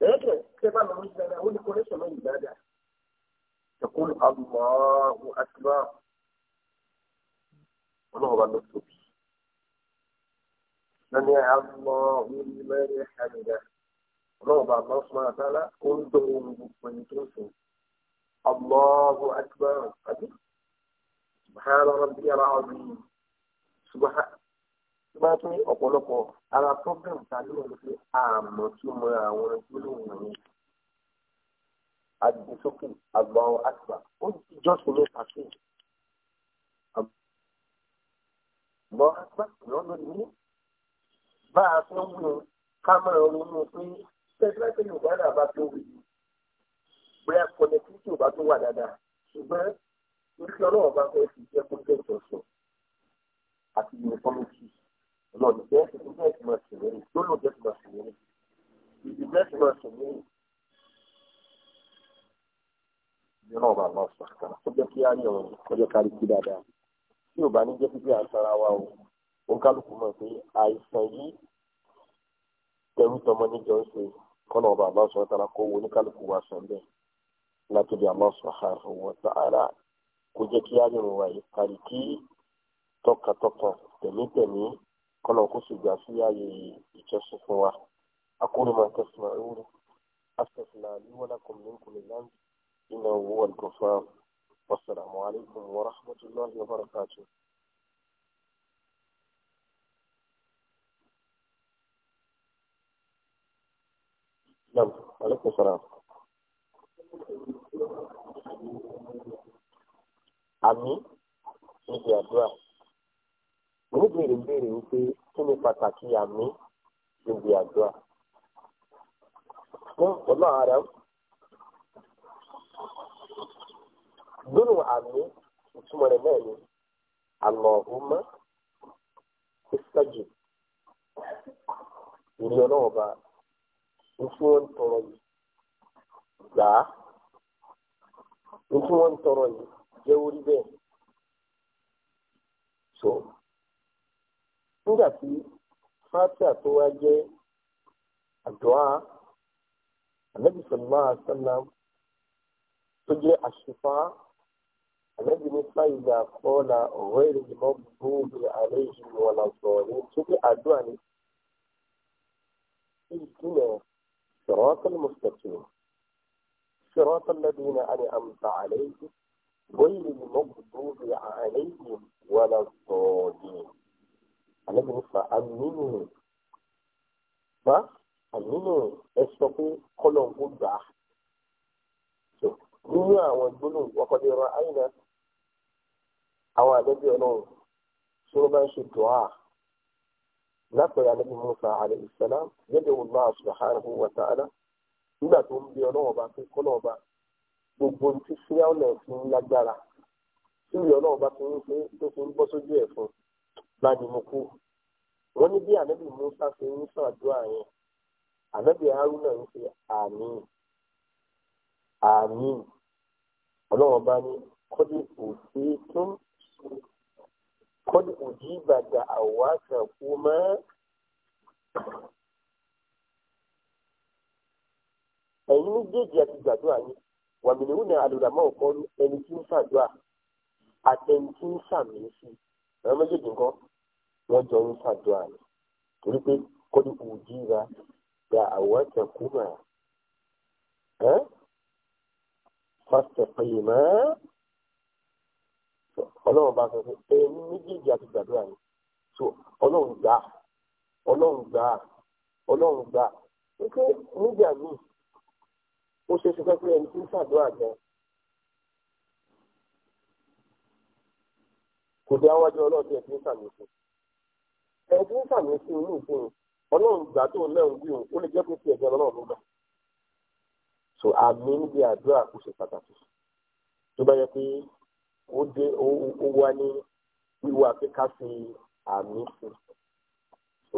lẹ́yìn tí ẹ bá lọ sí dáadáa ó ní kọ́lẹ́sọ̀ lọ́yìn dáadáa تقول الله أكبر ọlọ́run bá lọ tóbi lẹ́ni àmọ́ orílẹ̀-èdè ṣàlùdá ọlọ́run bá lọ sọ àtàlà ó ń dọ̀ ohun gbogbo ẹni tó ń sìn Allahu akbar àbí subhana rabbi ara ọdún subhana tó bá tún ọ̀pọ̀lọpọ̀ ara problem ta ló wà àmọ́ tí ó mọ àwọn gbólóhùn yìí àdìsókè àgbà àtìgbà ó ti jọ́sìn ní pàṣẹ. àgbà àtìgbà lọ́nà ní bá a tó ń wù ká máa ronú pé tẹ́tẹ́tẹ́ yorùbá náà bá tó wù bóyá kọ́nẹ́tìtì ò bá tó wà dáadáa ṣùgbọ́n orí ọlọ́run bá fẹ́ fi jẹ́ kó tẹ̀sán sọ àti yunifọ́mù ọlọ́run jẹ́ ibi bẹ́ẹ̀ ti máa sùn mí tó lò jẹ́ ti máa sùn mí ibi bẹ́ẹ̀ ti máa sùn mí ìdí náà bá lọ sọ kàrà tó jẹ́ kí á yàn ọjọ́ kárí kí dáadáa tí ò bá ní jẹ́ pípé àṣàrà wa o ó kálukú mọ̀ pé àìsàn yìí tẹrú tọmọ níjọ ń ṣe kọ́nà ọba àlọ́ sọ tara kó wo oníkálukú wa sọ bẹ́ẹ̀ látòdì àlọ́ sọ àrùn wọ̀ tààrà kó jẹ́ kí á yàn wà yìí kárí kí tọkàtọkàn tẹ̀mítẹ̀mí kọlọ̀ kó sì gbà sí ààyè ìjọsìn fún wa akóni máa tẹ̀sán àrùn astafla liwala kọmínkùnrin láǹdì iná owó àlùkòfà wasalaamu alaykum wa rahmatulahi wa barakatuh. نعم عليكم السلام àmì níbi àdúrà oníbèrè ń béèrè wípé kí ni pàtàkì àmì níbi àdúrà fún ọlọ́ ara àmì ìtumọ̀ rẹ̀ náà ni Allahumma istajib ìrì ọlọ́wọ́ bá ntí wọ́n tọrọ yìí gbà á so. nígbà tí fatia tó wá jẹ́ àdúrà ànábì sallallahu alaihi wasallam tó jẹ́ àṣìfà ànábì ní fàyídà kọ́là ọ̀rọ̀ ìrìn mọ́ bóòlù àlẹ́ ìṣòro wọn lọ́sọ̀ ní tó jẹ́ àdúrà ní ìpínlẹ̀ صراط المستقيم صراط الذين أنعمت عليهم غير المغضوب عليهم ولا الضالين àlejò nípa àmínú bá àmínú ẹ sọ pé kọ́lọ̀ ń kó gbà á nínú àwọn gbólóhùn ọkọ̀dé ọ̀rọ̀ àyìnbá àwọn àlejò ọlọ́run tí wọ́n bá ń ṣe dùn á lápẹ̀rẹ̀ àlejò Musa alayhi salam yẹ́dẹ̀ wò Allah subhanahu wa ta'ala nígbà tó ń bí ọlọ́run ọba pé kọ́lọ̀ ọba gbogbo ti fíyàwó náà fi ń lágbára tí ìyọ̀ náà ọba fi ń ṣe tó fi ń bọ́ sójú ẹ̀ fún un ládìmúkú wọ́n ní bí ànábì Musa ṣe ń ṣàdúrà yẹn ànábì Haruna ń ṣe àmín àmín ọlọ́run bá ní kọ́dí òsè tún kọ́dí òjì bàdà àwáṣà kú mọ́. ẹ̀yin méjèèjì àti gbàdúrà yín wàmìnirú ni àlùdàmọ́ ọ̀kọ́ ẹni tí ń ṣàdúrà àtẹni tí ń ṣàmì sí ẹ̀rọ méjèèjì nǹkan. wọ́n jọ ń ṣàdúrà ni torí pé kódì kù jíra gba àwọn ẹ̀kú mà ẹ́ fásitì ọlọ́run bá sọ pé ẹni méjèèjì ti gbàdúrà ni so ọlọ́run gbà ọlọ́run gbà ọlọ́run gbà wípé nígbà míì ó ṣe pé ẹni tí ń ṣàdúrà kò ẹni tí ń sàmì sí inú ìfihàn ọlọ́run gbà tó lẹ́hìn wí òun ó lè jẹ́ ẹ̀jẹ̀ so àmì níbi àdúrà kò ṣe pàtàkì tó bá yẹ pé ó dé ó wá ní wíwá pé ká fi àmì sí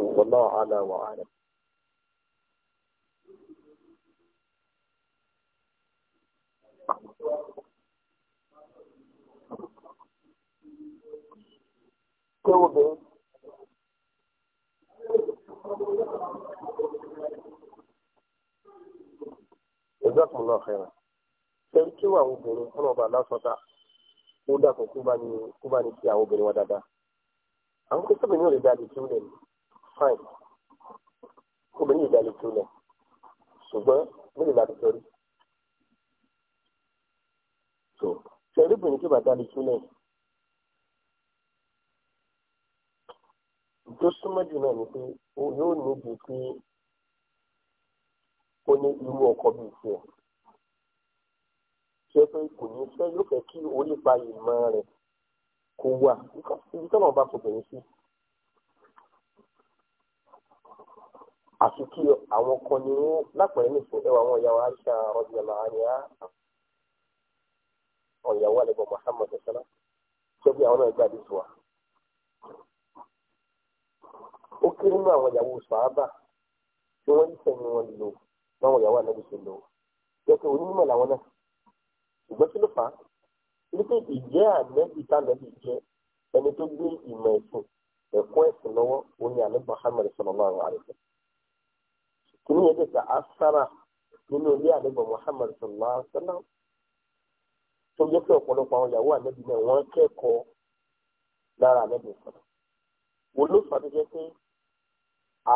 wà ìjọsìn lọ fẹ́ràn ṣẹ́rí kí wà àwọn obìnrin kọ́nà ọba lásọ̀tà ó dàpọ̀ kó bá ní kó bá ní kí àwọn obìnrin wa dáadáa àwọn kristian fine òrìdá lè túlẹ̀ fain obìnrin ìdá lè túlẹ̀ ṣùgbọ́n mílì láti sọrí tó súnmọ́ jù náà ni pé yóò níbi pé ó ní irú ọkọ bíi tiẹ̀ ṣé pé kò ní fẹ́ yóò fẹ́ kí orípa ìmọ̀ rẹ̀ kó wà ibi tọ́nà bá kò bẹ̀rẹ̀ sí. àfi kí àwọn kan ní wọn lápẹ̀rẹ̀ nìkan ẹwà àwọn ìyàwó aṣa ọ̀dùn ẹ̀là àyà ọ̀yàwó àlẹ́bọ̀ Muhammad ṣẹlá ṣé àwọn náà gbàdúrà ó kéré nínú àwọn ìyàwó sàábà tí wọ́n yí sẹ́yìn wọn lò báwọn ìyàwó ànábì ṣe lò jẹ́ pé onímọ̀ làwọn náà ṣùgbọ́n kí ló fà á nípa ìjẹ́ ànábì tánàbì jẹ́ ẹni tó gbé ìmọ̀ ẹ̀sìn ẹ̀kọ́ ẹ̀sìn lọ́wọ́ ó ní ànábì Muhammad sallallahu alaihi wasallam kìíní yẹn tẹ̀sà asára nínú ilé ànábì Muhammad sallallahu alaihi wasallam tó jẹ́ pé ọ̀pọ̀lọpọ̀ àwọn ìyàwó ànábì náà wọ́n kẹ́kọ̀ọ́ lára ànábì sọ̀rọ̀ wọ́n ló fà jẹ́ pé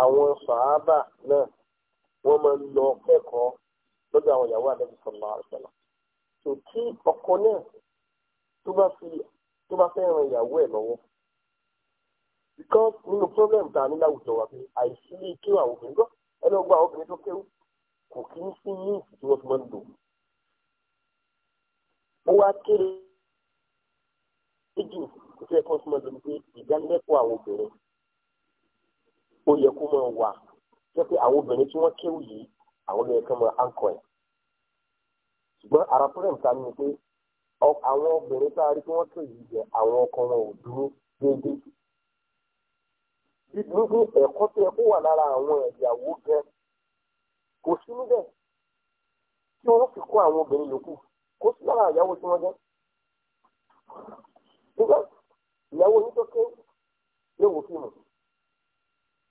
àwọn sàábà náà wọ́n máa ń lọ kẹ́kọ̀ọ́ lọ́dọ̀ àwọn ìyàwó àdàbí sọ̀rọ̀ àṣàlà tó kí ọkọ náà tó bá fi tó bá fẹ́ ran ìyàwó ẹ̀ lọ́wọ́ because nínú problem tá a ní láwùjọ wa pé àìsí ilé kí àwọn obìnrin gbọ́ ẹni ọgbà àwọn obìnrin tó kéwù kò kí ń sí ní ìsìn tí wọ́n fi máa ń lò ó wá kéré méjì kò sí ẹ̀kọ́ tí wọ́n fi máa ń pé ìdánilẹ́kọ̀ọ́ àwọn obìnrin ó yẹ kó máa wà jẹ́ pé àwọn obìnrin tí wọ́n kéwù yìí àwọn ló yẹ kó máa ankọ̀ ẹ̀ ṣùgbọ́n ara pẹ́rẹ́m ta ni pé àwọn obìnrin tá a rí pé wọ́n kéwù yìí jẹ́ àwọn ọkọ wọn ò dúró déédéé nígbà ẹ̀kọ́ tó yẹ kó wà lára àwọn ìyàwó gan kò sí níbẹ̀ tí wọ́n fi kó àwọn obìnrin yòókù kó sí lára ìyàwó tí wọ́n jẹ́ nígbà ìyàwó onítọ́kẹ́ yóò wò fíìmù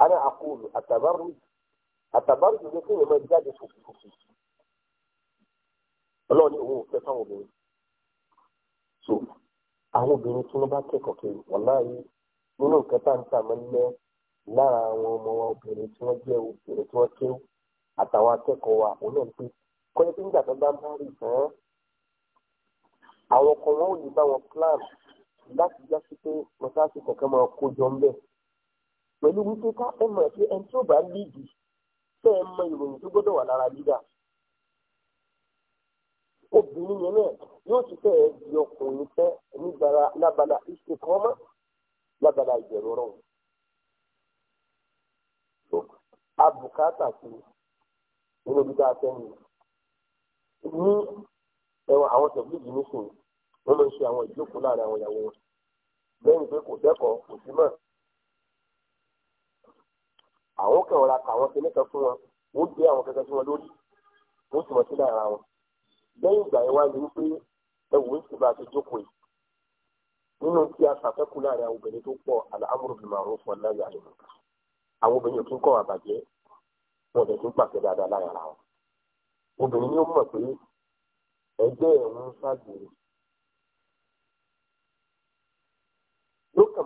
أنا أقول التبرج التبرج ni kéèyàn máa jáde fòfòfò ọlọ́run ní òun ò fẹ́ fáwọn obìnrin so àwọn obìnrin tí wọ́n bá kẹ́kọ̀ọ́ kiri wọ́n láàyè nínú nǹkan tá à ń tà máa ń lẹ́ lára àwọn ọmọ wa obìnrin tí wọ́n jẹ́ obìnrin tí wọ́n kéwù àtàwọn akẹ́kọ̀ọ́ wa òun náà ń pẹ̀lú wípé ká ẹ mọ̀ pé ẹni tí ó bá lídì fẹ́ ẹ mọ ìròyìn tó gbọ́dọ̀ wà lára lídà obìnrin yẹn náà yóò ti fẹ́ ẹ di ọkùnrin fẹ́ nígbàrá lábala ìṣèkọ́mọ́ lábala ìbẹ̀rù ọ̀rọ̀ abùkátà sí nínú ibi tá a fẹ́ ni ní ẹwọn àwọn tẹ̀blíìgì nísìnyí wọ́n lọ ṣe àwọn ìjókòó láàrin àwọn ìyàwó wọn lẹ́yìn pé kò dẹ́kọ̀ọ́ kò sí mọ́ àwọn kan ọ̀la kà àwọn kìnìkan fún wọn wọ́n gbé àwọn kankan fún wọn lórí wọ́n sì mọ̀ sí lára wọn lẹ́yìn ìgbà yẹn wá ní wípé ẹwù ń sì bá a ti jókòó yìí nínú tí a ṣàfẹ́kù láàrin àwọn obìnrin tó pọ̀ al-amru bil ma'ruf wan nahyu 'anil munkar àwọn obìnrin ò kí ń kọ́ àbàjẹ́ wọn ò dẹ̀ tún pàṣẹ dáadáa lára wọn obìnrin ni ó mọ̀ pé ẹgbẹ́ ẹ̀ ń ṣàgbèrè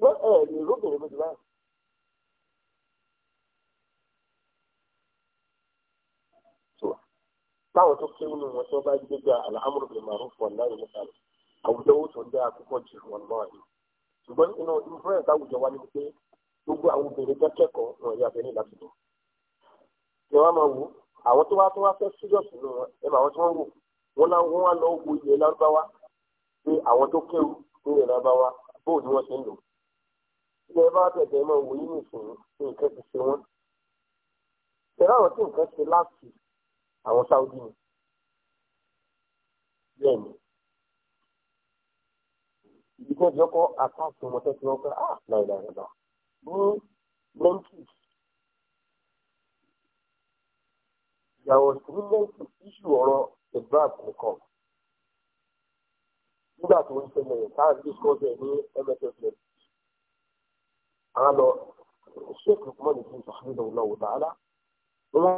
ló ẹ̀ lè lóbìnrin méjì báyìí. báwọn tó kéwù nù wọn tí wọn bá gbégbá àlàámúrò bìí màrún fún ọ̀nà ìlú kan àwùjọ owó tó ń dá àkókò jù wọn náà ni ṣùgbọ́n inú influence àwùjọ wa ni pé gbogbo àwọn obìnrin tó kẹ́kọ̀ọ́ wọn yà bẹ́ẹ̀ ní láti bọ̀. ẹ wá máa wò àwọn tó wá tó wá fẹ́ serious nù wọn ẹ máa wọn tí wọ́n wò wọn náà wọ́n wá lọ wo ilẹ̀ lárúbáwá pé àwọn tó kéwù ní ilẹ̀ lárúbáwá bóò ni wọ́n ń lò ilẹ̀ bá tẹ̀tẹ̀ mọ́ wò yín nìsín nǹkan ti ṣe wọ́n tẹ̀lé àwọn tí nǹkan ṣe láti àwọn Saudi ni bẹ́ẹ̀ ni ìdíkọ́ ìjọkọ́ àtàkùn ọmọ tẹ́tí wọn pé à láìláì rẹ̀ ní nineties there was women to ọ̀rọ̀ ìbáà nìkan nígbà tó ń ṣẹlẹ̀ káàdì kọ́sẹ̀ ní mss àwọn lọ ṣéèkì kúmọ̀ ní kí n sàmìlò lọ́wọ́ tààlà wọ́n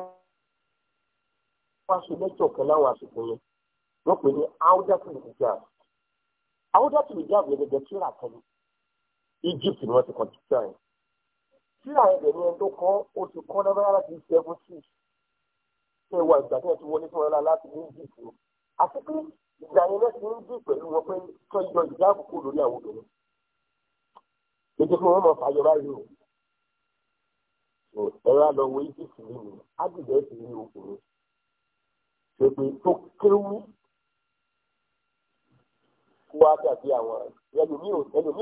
wá ṣe lẹ́tọ̀ kan láwọn àsìkò yẹn wọ́n pè ní áwùdátìlì hijab áwùdátìlì hijab yẹn gẹ́gẹ́ tíra kan ní Egypt ni wọ́n ti kọ́ tíra yẹn tíra yẹn dẹ̀ ní ẹni tó kọ́ ó ti kọ́ náà báyà láti seven six ṣe wà ìgbà tí wọ́n ti wọlé fún ọlá láti ní Egypt ni àti pé ìgbà yẹn náà ti ń dì pẹ̀lú wọn pé kọ́ yọ ìjáàbù kúrò lórí àwọn obìnrin nítorí wọn mọ fàyọ báyìí o ẹ̀rọ àlọ́wọ́ egypt rí mi ádìgbẹ́ ti rí okùnrin pépé tó kéwú kó wá dàbí àwọn ẹlòmíì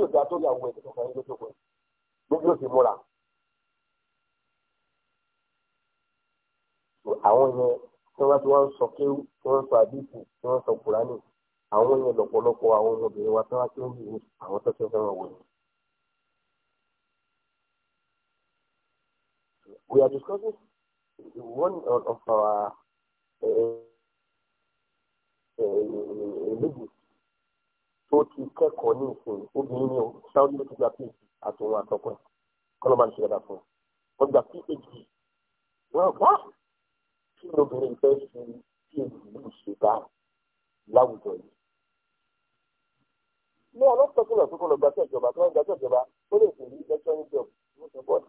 ò dá tó yàwó ẹ̀ tó kàn yín lójókòó lójú òsì múra. àwọn yẹn tí wọ́n ti wọ́n sọ kéwú tí wọ́n sọ àdìsí tí wọ́n sọ kùránì àwọn yẹn lọ́pọ̀lọpọ̀ àwọn ọmọbìnrin wa tí wọ́n ti ń yìí àwọn tó ti ń fẹ́ràn wọ̀nyí. we are discussing one of our méjì uh, uh, tó ti kẹ́kọ̀ọ́ ní ìsìn obìnrin ní o Saudi ló ti gba phd àtòun àtọkọ ẹ̀ kọ́lọ́mà ṣe dáadáa fún un wọ́n gba phd wọ́n wá kí ni obìnrin fẹ́ fi phd yìí ṣe bá láwùjọ yìí. ní ọlọ́pàá tó lọ sí kó gbàtẹ́ ìjọba tó gbàtẹ́ ìjọba tó lè fi rí lẹ́tọ́rì jọ̀bù ní ìṣẹ́bọ̀dì.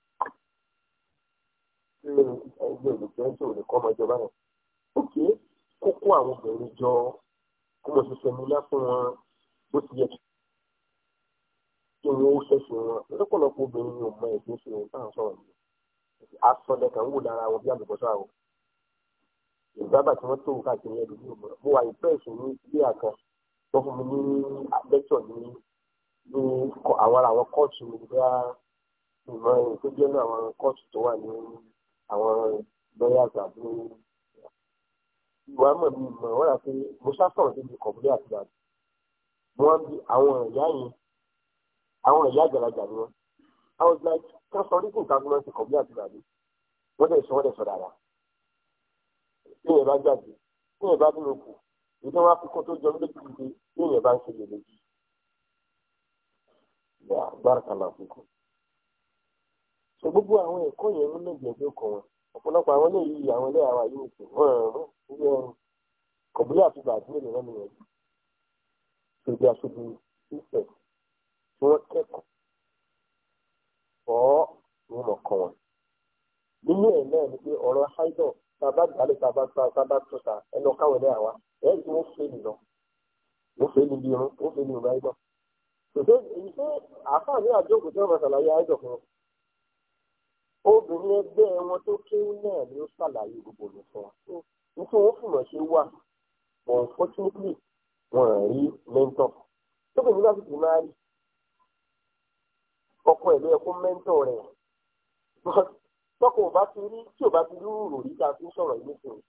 ṣé ẹgbẹ́ olùgbẹ́jọ́ ò ní kọ́ ọmọ ìjọba yẹn ok kókó àwọn obìnrin jọ kó mo ṣe sẹmílá fún wọn bó ti yẹ kí wọn ó ṣẹ̀ṣẹ̀ wọn lọ́pọ̀lọpọ̀ obìnrin ni ò mọ ẹ̀sìn ṣe ohun tá à ń sọ̀rọ̀ yìí asọ̀lẹ̀ kan wò lára wọn bí àlùbọ́sà wọn ìgbàgbà tí wọ́n tó wù káàkiri ẹ̀dùn ní òmùrọ̀ mo wà ìpẹ́ẹ̀sì ní ilé àkan tó fún mi ní lẹ́tọ̀ ní ní àwọn àwọn kóòtù mi bá ìmọ̀ ìpéjọ́ náà àwọn kóòtù tó wà ní àwọn lọ́yà àgbàdo ìwà mọ̀ mi mọ̀ wọ́n rà pé mo sá sọ̀rọ̀ débi kọ̀ọ̀bùdé àti dàdí wọ́n bí àwọn ìyá yẹn àwọn ìyá àgbàlagbà ni wọ́n I was like kan sọ orígun kan fún ọ ti kọ̀ọ̀bùdé àti dàdí wọ́n dẹ̀ sọ wọ́n dẹ̀ sọ dáadáa tí yẹn bá jáde tí yẹn bá dúró kù ìdí wọn fi kó tó jọ méjì dìde tí yẹn bá ń ṣe lè lè so gbogbo àwọn ẹ̀kọ́ yẹn ń lè jẹ́ lóko wọn ọ̀pọ̀lọpọ̀ àwọn eléyìí àwọn ilé àwa yìí nìkan wọ́n ń rún kọ̀bílẹ̀ àti bàbá ènìyàn lẹ́nu rẹ̀ ṣèjì aṣojú ìfẹ́ tí wọ́n kẹ́kọ̀ọ́ wọn mọ̀ kọ́ wọn. nínú ẹ̀ náà ni pé ọ̀rọ̀ bàbá gbàlẹ̀ bàbá bàbá káwọn ilé àwa wọ́n obìnrin ẹgbẹ́ wọn tó kéwú náà ni ó ṣàlàyé gbogbo ló fún wa nítorí wọn fìmọ̀ ṣe wà unfortunately wọn à rí mẹ́ńtọ̀ tóbi nígbà tó ti máa rí ọkọ ẹ̀ ló yẹ kó mẹ́ńtọ̀ rẹ̀ tọkọ ò bá ti rí tí ò bá ti rúrò rí tá a fi ń sọ̀rọ̀ yìí nísìnyí.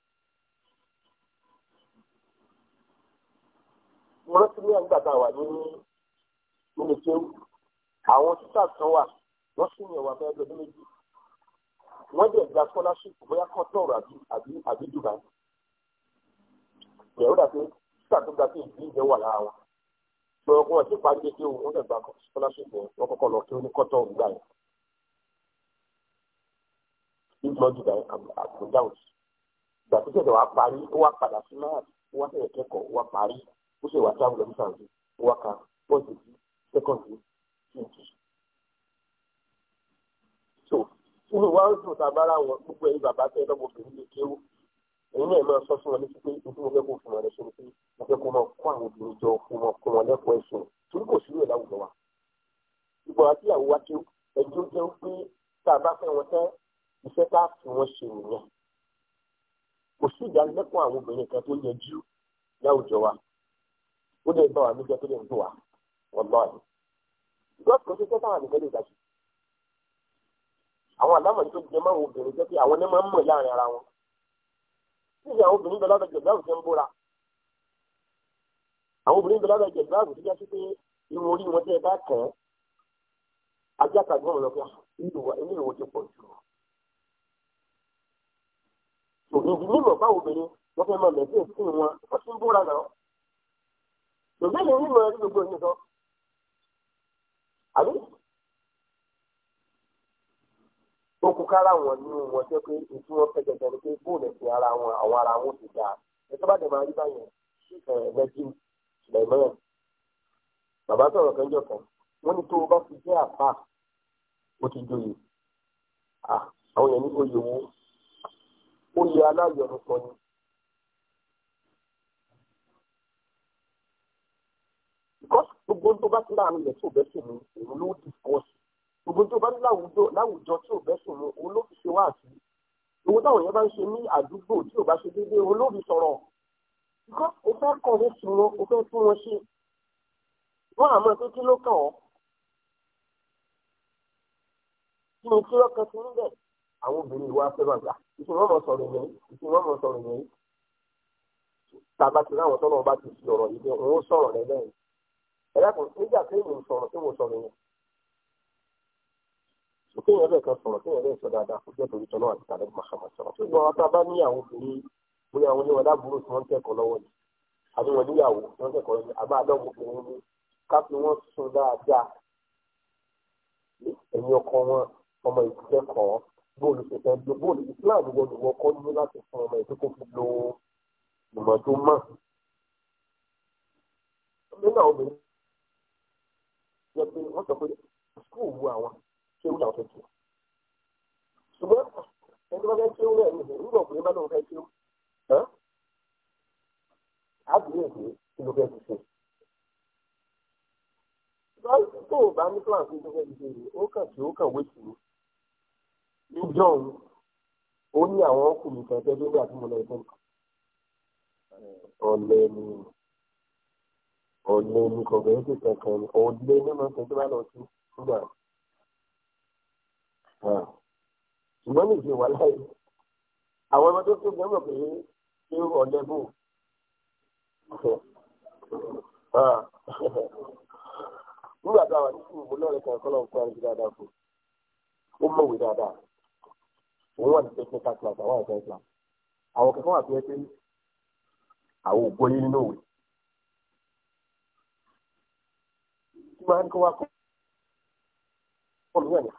mo rántí ní àgbà tá a wà ní nílé kéwú àwọn títà kan wà wọ́n sì yàn wà fẹ́ẹ́ lọ méjì wọ́n dẹ̀ gba scholarship bóyá kọ́tọ́rù àbí àbí àbí dubai ìyàwó dàbí sàtúndà tí ìdí ìjẹ wà lára wọn pé ọkọ ẹ̀ sì parí dédé o wọ́n dẹ̀ gba scholarship yẹn wọ́n kọ́kọ́ lọ kí ó ní kọ́tọ́rù gbà yẹn ìjọ dubai àbújá òsì ìgbà tó tẹ̀lé wàá parí ó wá padà sí náà ó wá tẹ̀lé kẹ́kọ̀ọ́ ó wá parí ó sì wá táwọn lọ́mísàn ó wá ka pọ́ọ̀sì sí sẹ́kọ̀ndì sí ìjì inú wa ń dùn tàbára wọn gbogbo ẹ̀yin bàbá tẹ lọ́mọbìnrin lè kéwò èyí náà máa sọ fún wọn létí pé ìdí mo fẹ́ kó fún wọn lẹ́sẹ̀ ni pé mo fẹ́ kó máa kó àwọn obìnrin jọ fún wọn kó wọn lẹ́kọ̀ọ́ ẹ̀sìn torí kò sílẹ̀ láwùjọ wa. ìgbọ̀n àti ìyàwó wa kéwò ẹ̀jẹ̀ ó jẹ́ pé tá a bá fẹ́ wọn tẹ́ iṣẹ́ tá a fi wọn ṣe nìyẹn. kò sí ìdánilẹ́kọ̀ọ́ àwọn obìnrin kan tó yẹjú láwùjọ wa ó lè bá wa níjẹ́ tó lè ń bọ̀ wá wọ́n lọ́ọ̀ni. ìgbọ́n kò àwọn àlámọ̀ tó jẹ máa wo obìnrin jẹ́ pé àwọn ní máa ń mọ̀ láàrin ara wọn níbi àwọn obìnrin bẹ̀rẹ̀ lọ́dọ̀ jẹ̀gbáàbù tó ń bóra àwọn obìnrin bẹ̀rẹ̀ lọ́dọ̀ jẹ̀gbáàbù tó jẹ́ pé irun orí wọn tẹ́ ẹ bá kàn án ajá kàgbọ́n lọ pé ah, inú ìwò ti pọ̀ jù òdìdí mímọ̀ báwo obìnrin wọ́n fẹ́ máa mẹ̀sìn sí wọn wọ́n ti ń bóra náà òbí mi mímọ̀ rí gbogbo ìyẹn sọ àbí ó kú kára wọn nínú wọn jẹ́ pé ètò wọn fẹ́ gẹ́gẹ́ ni pé bóòlù ẹ̀sìn ara wọn àwọn ara wọn ti dáa ẹ̀tọ́ bá dẹ̀ máa rí báyẹn ẹ̀ lẹ́jìn lẹ́mọ́rẹ̀ bàbá sọ̀rọ̀ kan kan wọ́n ní tó o bá fi jẹ́ àpá o ti joyè àwọn yẹn ní oyè wo oyè aláyọ̀nù kan ni. because gbogbo tó bá ti láàrin ilẹ̀ tó bẹ́ẹ̀ sì ni èmi ló dì fọ́ọ̀sì gbogbo tó bá ní láwùjọ láwùjọ tí ò bẹ́sùn mu òun ló fi ṣe wá àti owó táwọn yẹn bá ń ṣe ní àdúgbò tí ò bá ṣe déédéé òun ló fi sọ̀rọ̀ because o fẹ́ kàn ní sùn wọn o fẹ́ fún wọn ṣe wọn àmọ́ pé kí ló kàn ọ́ kí ni kí lọ́kàn ti níbẹ̀ àwọn obìnrin ìwà fẹ́ máa gbà ìṣòro ọmọ sọ̀rọ̀ yẹn ìṣòro ọmọ sọ̀rọ̀ yẹn tàbá ti láwọn tọ́lọ́ bá ti fi ọ̀rọ̀ yìí dé òun sọ̀rọ̀ lẹ́lẹ́yìn ẹ̀rẹ́kùn kéèyàn lè kan sọ̀rọ̀ kéèyàn lè sọ dáadáa kó jẹ́ torí tọ́lọ́ àti tàbí Muhammad sọ̀rọ̀ tó gbọ́n ata bá níyàwó obìnrin bóyá àwọn oníwọ̀n lábúrò tí wọ́n kẹ́kọ̀ọ́ lọ́wọ́ ni àbí wọn níyàwó tí wọ́n kẹ́kọ̀ọ́ lọ́wọ́ àbá àdọ́gbò obìnrin ni ká fi wọ́n sun dáadáa ẹ̀yin ọkọ wọn ọmọ ìkẹ́kọ̀ọ́ bóòlù ṣẹ̀ṣẹ̀ lo bóòlù Islam gbọdọ̀ wọ ọkọ ní láti fún ọmọ ìdókò fi lo ìmọ̀ tó mọ̀ nínú àwọn obìnrin yẹ pé wọ́n sọ pé sukùl wu àwọn kéwù làwọn fẹ́ kéwù ṣùgbọ́n ẹni tó bá fẹ́ kéwù náà nìyẹn nígbà kan ni ṣùgbọ́n ní ìṣe wà láyé àwọn ọmọ tó kéwòn mọ̀ pé ṣé ó rọ̀ lẹ́bùn nígbà tá a wà ní sùúrù mo lọ́ọ̀rẹ́ kan kọ́lọ́ nǹkan àrùn dáadáa fún ó mọ̀wé dáadáa òun wà ní technical class àwọn àìsàn class àwọn kankan wà tó yẹ pé àwọn ògbóyé nínú òwe tí máa ń kọ́ wa kọ́ ọ̀lú ẹ̀ náà.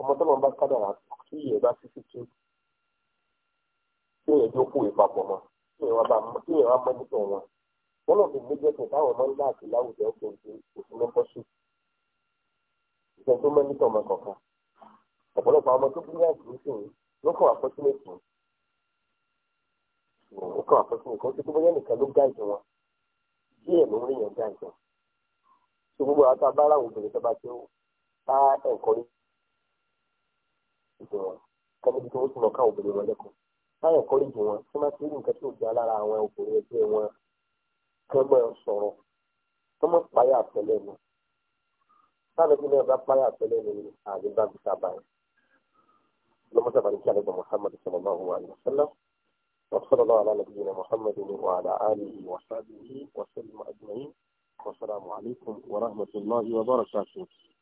ọmọ tó lọ́n bá kádàrà tí ìyẹn bá fi síkú tí ìyẹn tó kú ìpapọ̀ mọ́ tí ìyẹn wá mọ́ nípa wọn. wọ́n lọ́n fi méjèèjì táwọn máa ń dá àti láwùjọ ọkọ̀ òfin lọ́pọ̀ sí ìṣẹ́ tó mọ́ nípa ọmọ kọ̀ọ̀kan. ọ̀pọ̀lọpọ̀ ọmọ tó kúrò àìsàn ń sìn ló kàn àfọ́sílẹ̀tì ó kàn àfọ́sílẹ̀tì kan tó kú bóyá nìkan ló gáàjì wọn díẹ̀ ló ń bá tó bá ẹ̀kọ́ yìí ìjọ wọn kọ́mọ́tì tó sì mọ̀ káwọn obìnrin wọn lẹ́kọ̀ọ́ táyọ̀ kọ́lẹ́jì wọn tí wọ́n ti rí nǹkan tí ò já lára àwọn obìnrin ẹgbẹ́ wọn kẹ́mọ́ sọ̀rọ̀ tọ́mọ́ páyà àtẹ́lẹ̀ nù táwọn ẹbí náà bá páyà àtẹ́lẹ̀ nù àbí bá fi sábà yẹn lọ́mọ sábà ní kí alẹ́ bá Muhammad sallallahu alayhi wa sallam وصلى الله على نبينا محمد وعلى آله وصحبه وسلم أجمعين والسلام عليكم ورحمة الله وبركاته